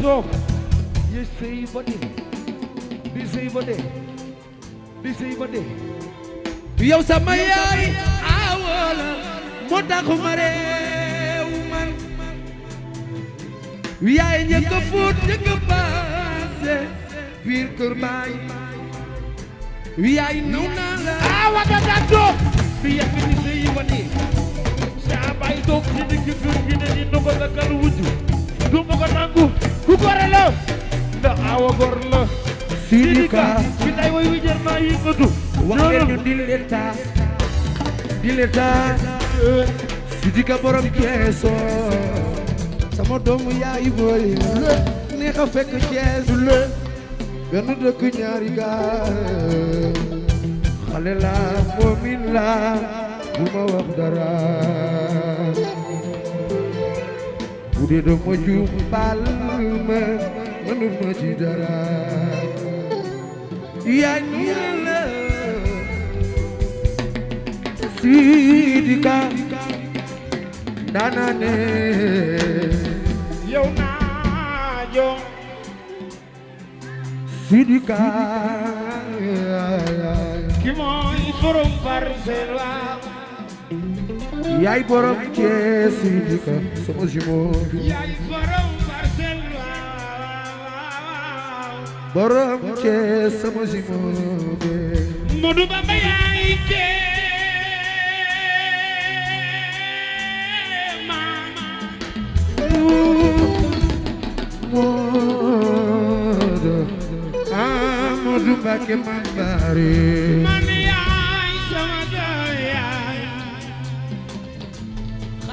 toog ye sëy ba dee di sëy ba dee di sëy ba dee yow sama yaay awoola moo tax ma réew man yaay njëkk a fóot njëkk a paase yaay naw naa la awa da daa toog bi yàgg di sëy saa bay toog ci digg kër gi ne di ndogal la kal du ma ko ku gore la ndax gor la Sidi Ka bilay way wi jar naa yëngatu wax leen ñu di leen di leen taa borom jeeso sama doomu yaay booy neex a fekk jeesu la benn dëkk ñaari gaar xale la moomin la bu wax dara bu dee doo ma juum baal ma mënu ma ci dara yaa ñuula siidika daanaane yow naa jom siidika ki mooy borom Parcelles yaay borom Cees yi di ko sama jumo bi yaay borom Barcelone borom Cees sama jumo bi Modou Bamba yaay Cees mama Modou Modou Mbacke Mambare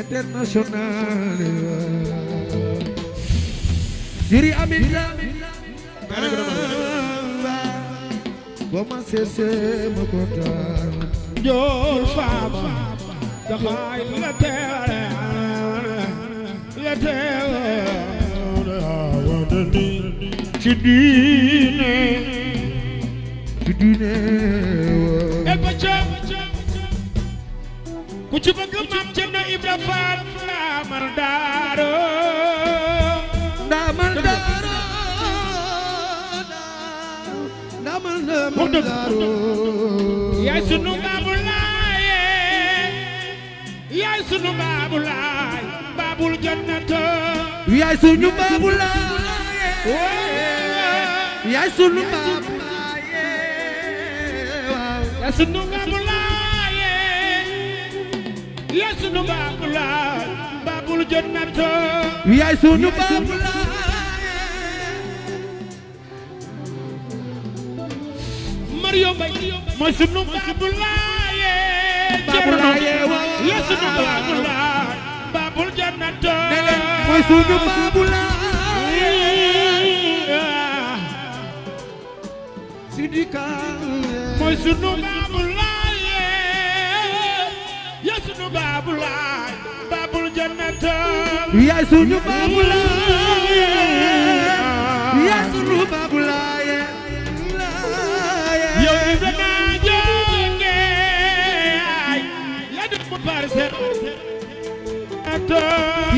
l'international Siri Aminta Boma sese ma kota Jol fama Dakhai la tere La tere Wadani Ci diine Ci diine Eba jam ku ci bëgg maam Cerno Ibra Faal ndaamal daaro ndaamal daaro ndaamal daaro yaay sunu baabu laaye yaay baabu laay baabul baabu laaye yaay baabu laaye yaay sunu baabu laay baabul jot na too yaay sunu baabu laay Mario Mbay mooy sunu baabu laay Cerno yaay sunu baabu laay baabul jot na too mooy sunu baabu laay Sidika mooy sunu baabu laay baabulaay baabul jannata yaay suñu baabulaay yaay suñu baabulaay yow ibra naa jóge ay la def mu parcel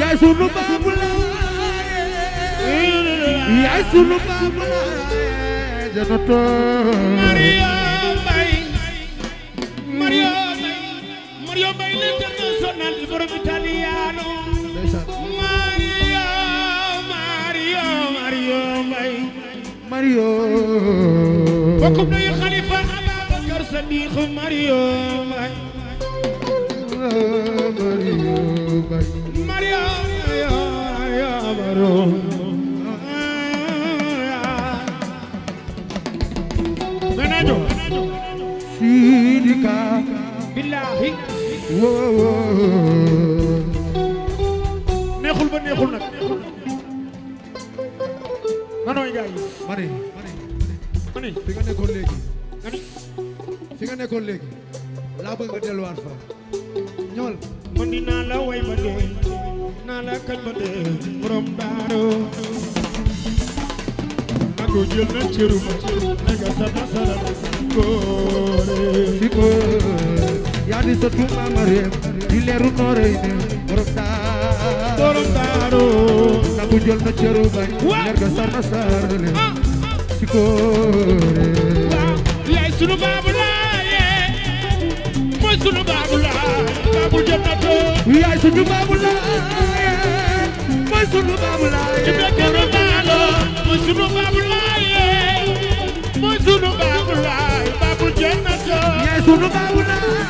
yaay suñu baabulaay yaay suñu baabulaay jannata Mario Mbaye Mario Mbaye Mario Mbaye sonal borom italiano Mario Mario Mario Mbay Mario bokkum nañu Xalifa Ababacar Sadiq Mario Mbay Mario Mbay Mario Mario Mario Sidi Ka billahi neexul ba neexul nag nanooy gaa yi mani mani nga nekkoon léegi mani fi nga nekkoon léegi laa bëgg nga delluwaat fa ñëwal man ni naa la way ba dee naa la kañ ba dee borom daaro nako jël na cëru ma naka sana sana góore yaa di sëtu maama réew di leeru nooree ne borom daaru borom daaru nabu jël na cëru bañ leer ga na sar le ah, ah. si koore yaay sunu baabu laaye mooy sunu baabu laaye mooy sunu baabu laaye mooy sunu baabu laaye mooy sunu baabu laaye baabu jël na yaay sunu baabu naa mooy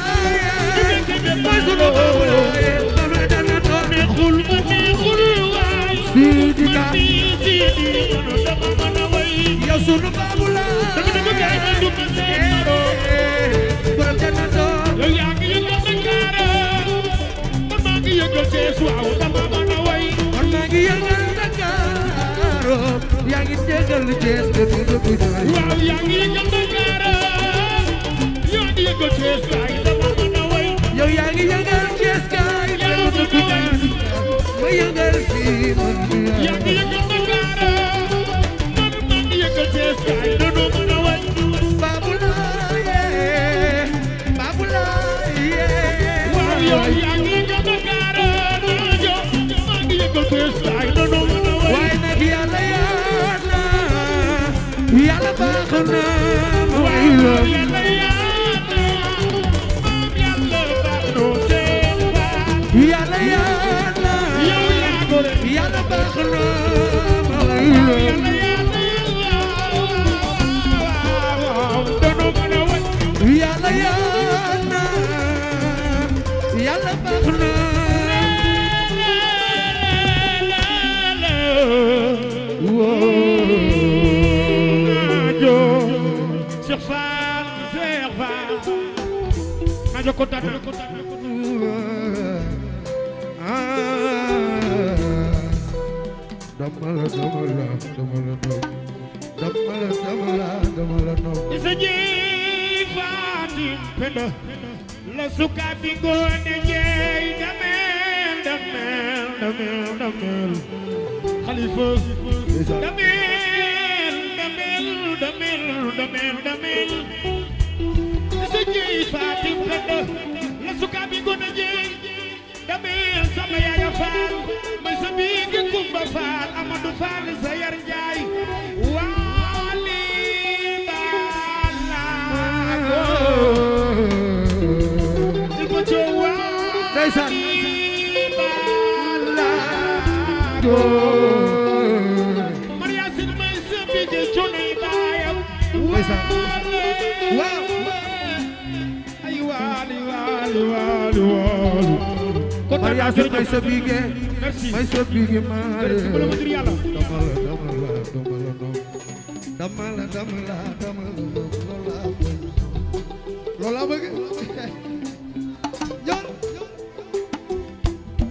sunu baabu naa baba dana doon neexul ma neexul waay siidi ka yaay sunu baabu naa baba dana doon yow yaa ngi yëngal Ndakaaru man maa ngi yëngal Cees waaw dama mën a way man maa ngi yëngal Ndakaaru yaa ngi yëngal Cees waaw yaa ngi yëngal Ndakaaru Yàlla baax na rajo kontaan na kontaan ah. na damala damala damala damala damala damala damala isa ji faati penda la suka bi ngoone jeey damel damel damel damel xalifa damel damel damel damel damel gona jeey fatim kanda na suka bi gona jeey dameel sama yaaya faal may sa biigi kumba faal amadu faal sa yar njaay waali baalaagoo di ko coow waali Maria Sow may sa bige may sa bige maale dama la dama la dama la loolu laa bëgg ñoom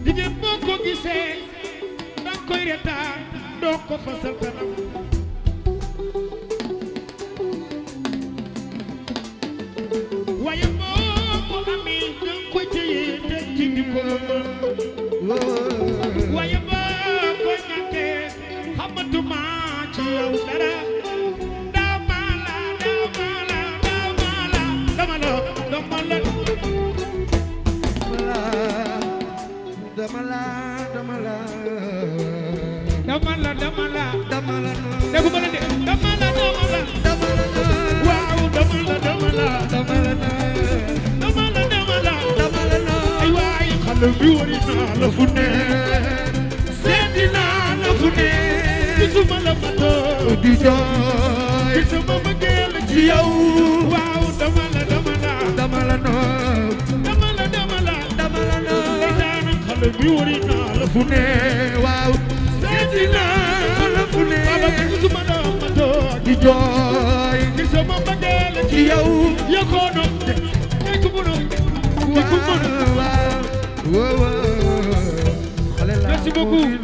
jigéen boo ko gisee danga koy retaan doo ko fasal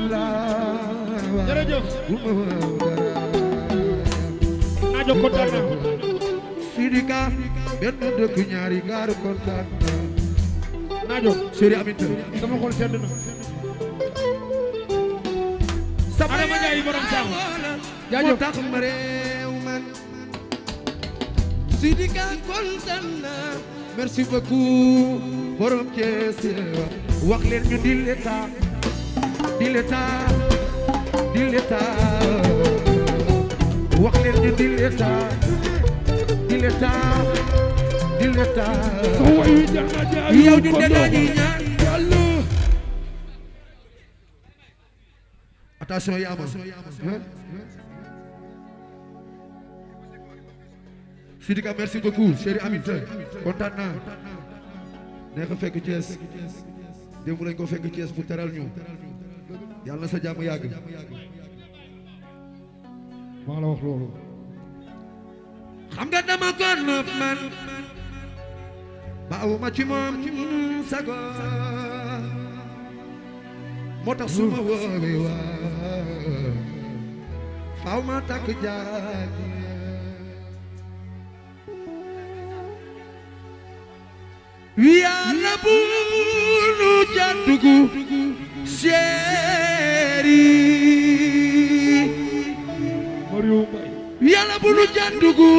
jërëjëf naa jox kontaan naa Sidika benn dëkk ñaari gaar kontaan naa naa jox chéri sama xol sedd na Adama Ndiaye borom saam jaajëf tax ma réew man Sidika kontaan naa merci beaucoup borom Cees wax leen ñu di di l'état di l'état wax leen ñu di l'état di l'état di l'état yow ñu ne dañuy ñaan yàlla attention yaa ma Sidika merci beaucoup chéri Aminte kontaan naa neex a fekk Thiès démb lañ ko fekk Thiès pour teral ñu yàlla sa jàmm yàgg maa la wax loolu xam nga dama ko nopp man ba awuma ci moom sago moo tax suma wóore faaw ma takk jaagi yàlla bu nu chéri yàlla bu nu jandugu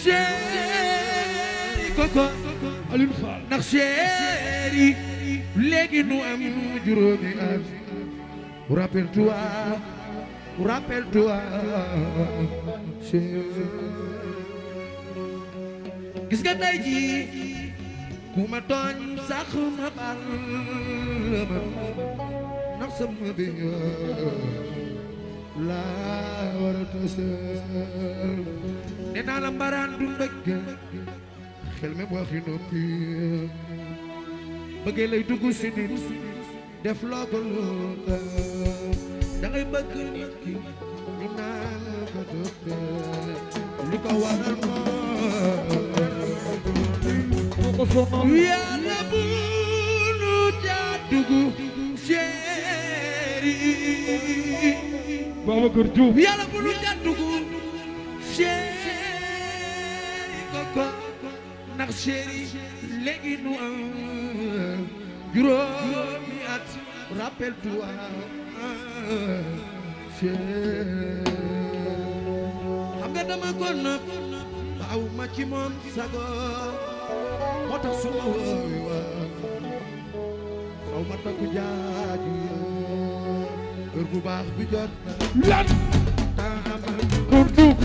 chéri koko Alioune Fall ndax chéri léegi nu am juróomi at rappelle-toi rappelle-toi chéri gis tey ji ku ma tooñ sax ma bal لما نقسم بها لا ورتسل نينا لا مباران دو دج xel mi boo xi noppi bëggee lay dugg si nit def loo ko loo da ngay bëgg nit ki ñu naan la ko toppee li ko waral moo yàlla bu nu jaar dugu chéri Babacar Diouf yàlla bu nu ja dugu chéri koko ndax chéri léegi nu am juróomi at rappelle-toi chéri xam nga dama ko nëb baaw ma ci moom sago moo tax suma waa man ma ku jaaju heure bu baax bi jot na. lan. pour dugg.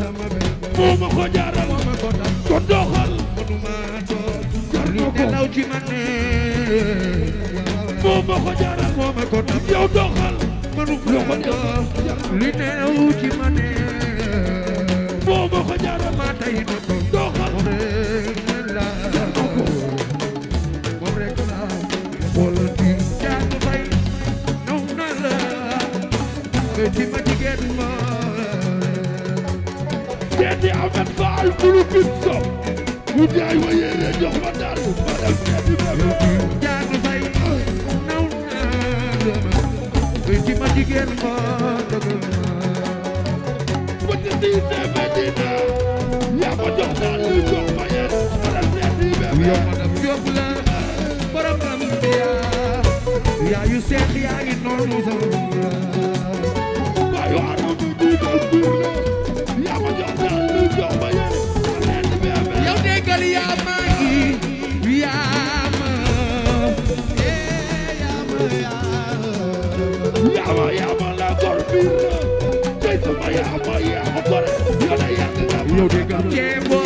sama benn. moo ma ko jaaral. moo ma ko dal. kon doxal. mënuma toog. jaaral. moo ma ko dal. yow jaaral. maa tey na ko. seeti aw na baal bulu bim so bu jaay wa yéene jox ma daal ma dem seeti bébé jaaga fay naw naa ci ma jigéen ma dëgg wati sii seeme dina yaa ko jox daal lu jox ma yéen ma dem seeti bébé jox la borom Gambia yaa yu seex yaa ngi noonu sa baay yow de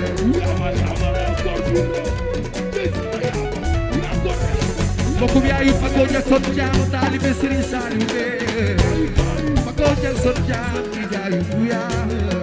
mbokk bi yaayu Paco Jackson Thiam taalibe Serigne Saliou be Paco Jackson Thiam di jaayu bu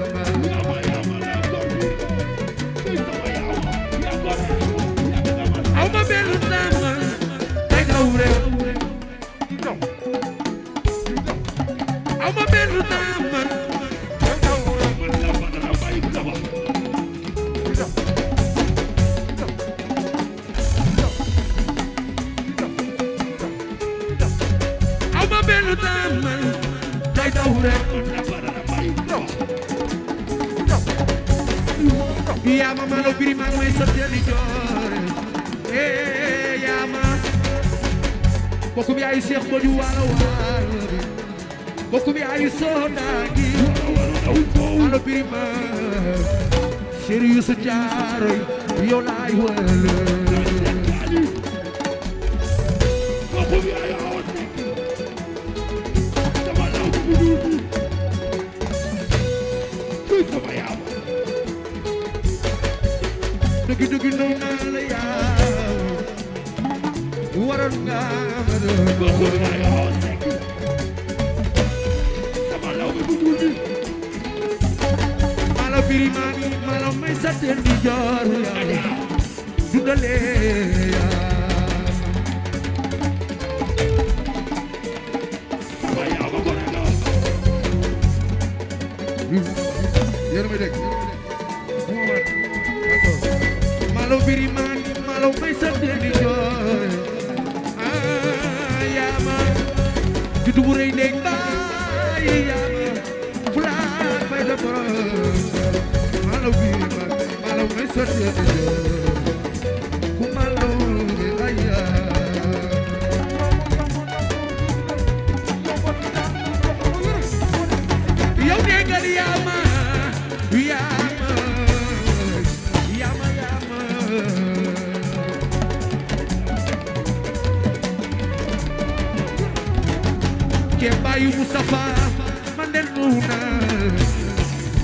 But you are wild Boku mi ayu so nagi Alo birima Shiri yusu jaro Yo lai wale Boku mi ayu Duggy duggy no no boo xoolee ma ne la waaw Seck sama bi bu dul bi maa la maa la may sa teen di joor yaa dundalee yaa maa la firi maa ngi maa la duguray ndey ndaay yaa fulaa fay da borom malaw bi malaw may sotti àdduna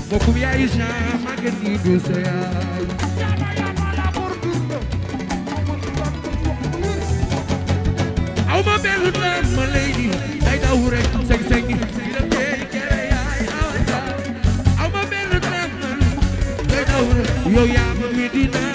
bokkum yaay Jean Maguette yi du sa yaay aw ma benn naan ma lay di day daw rek seg seg di la tey kere yaay aw ma benn naan ma day daw rek yow yaa ma mi di naan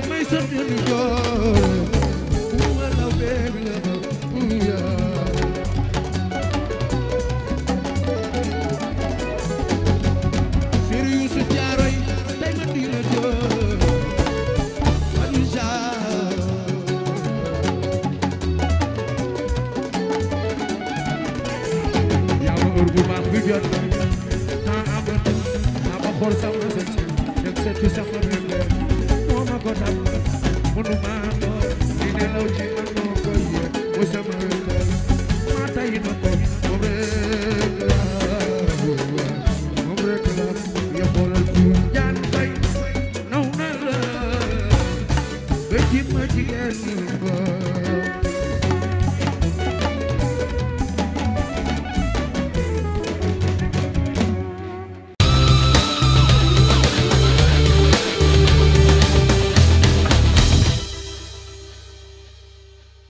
may a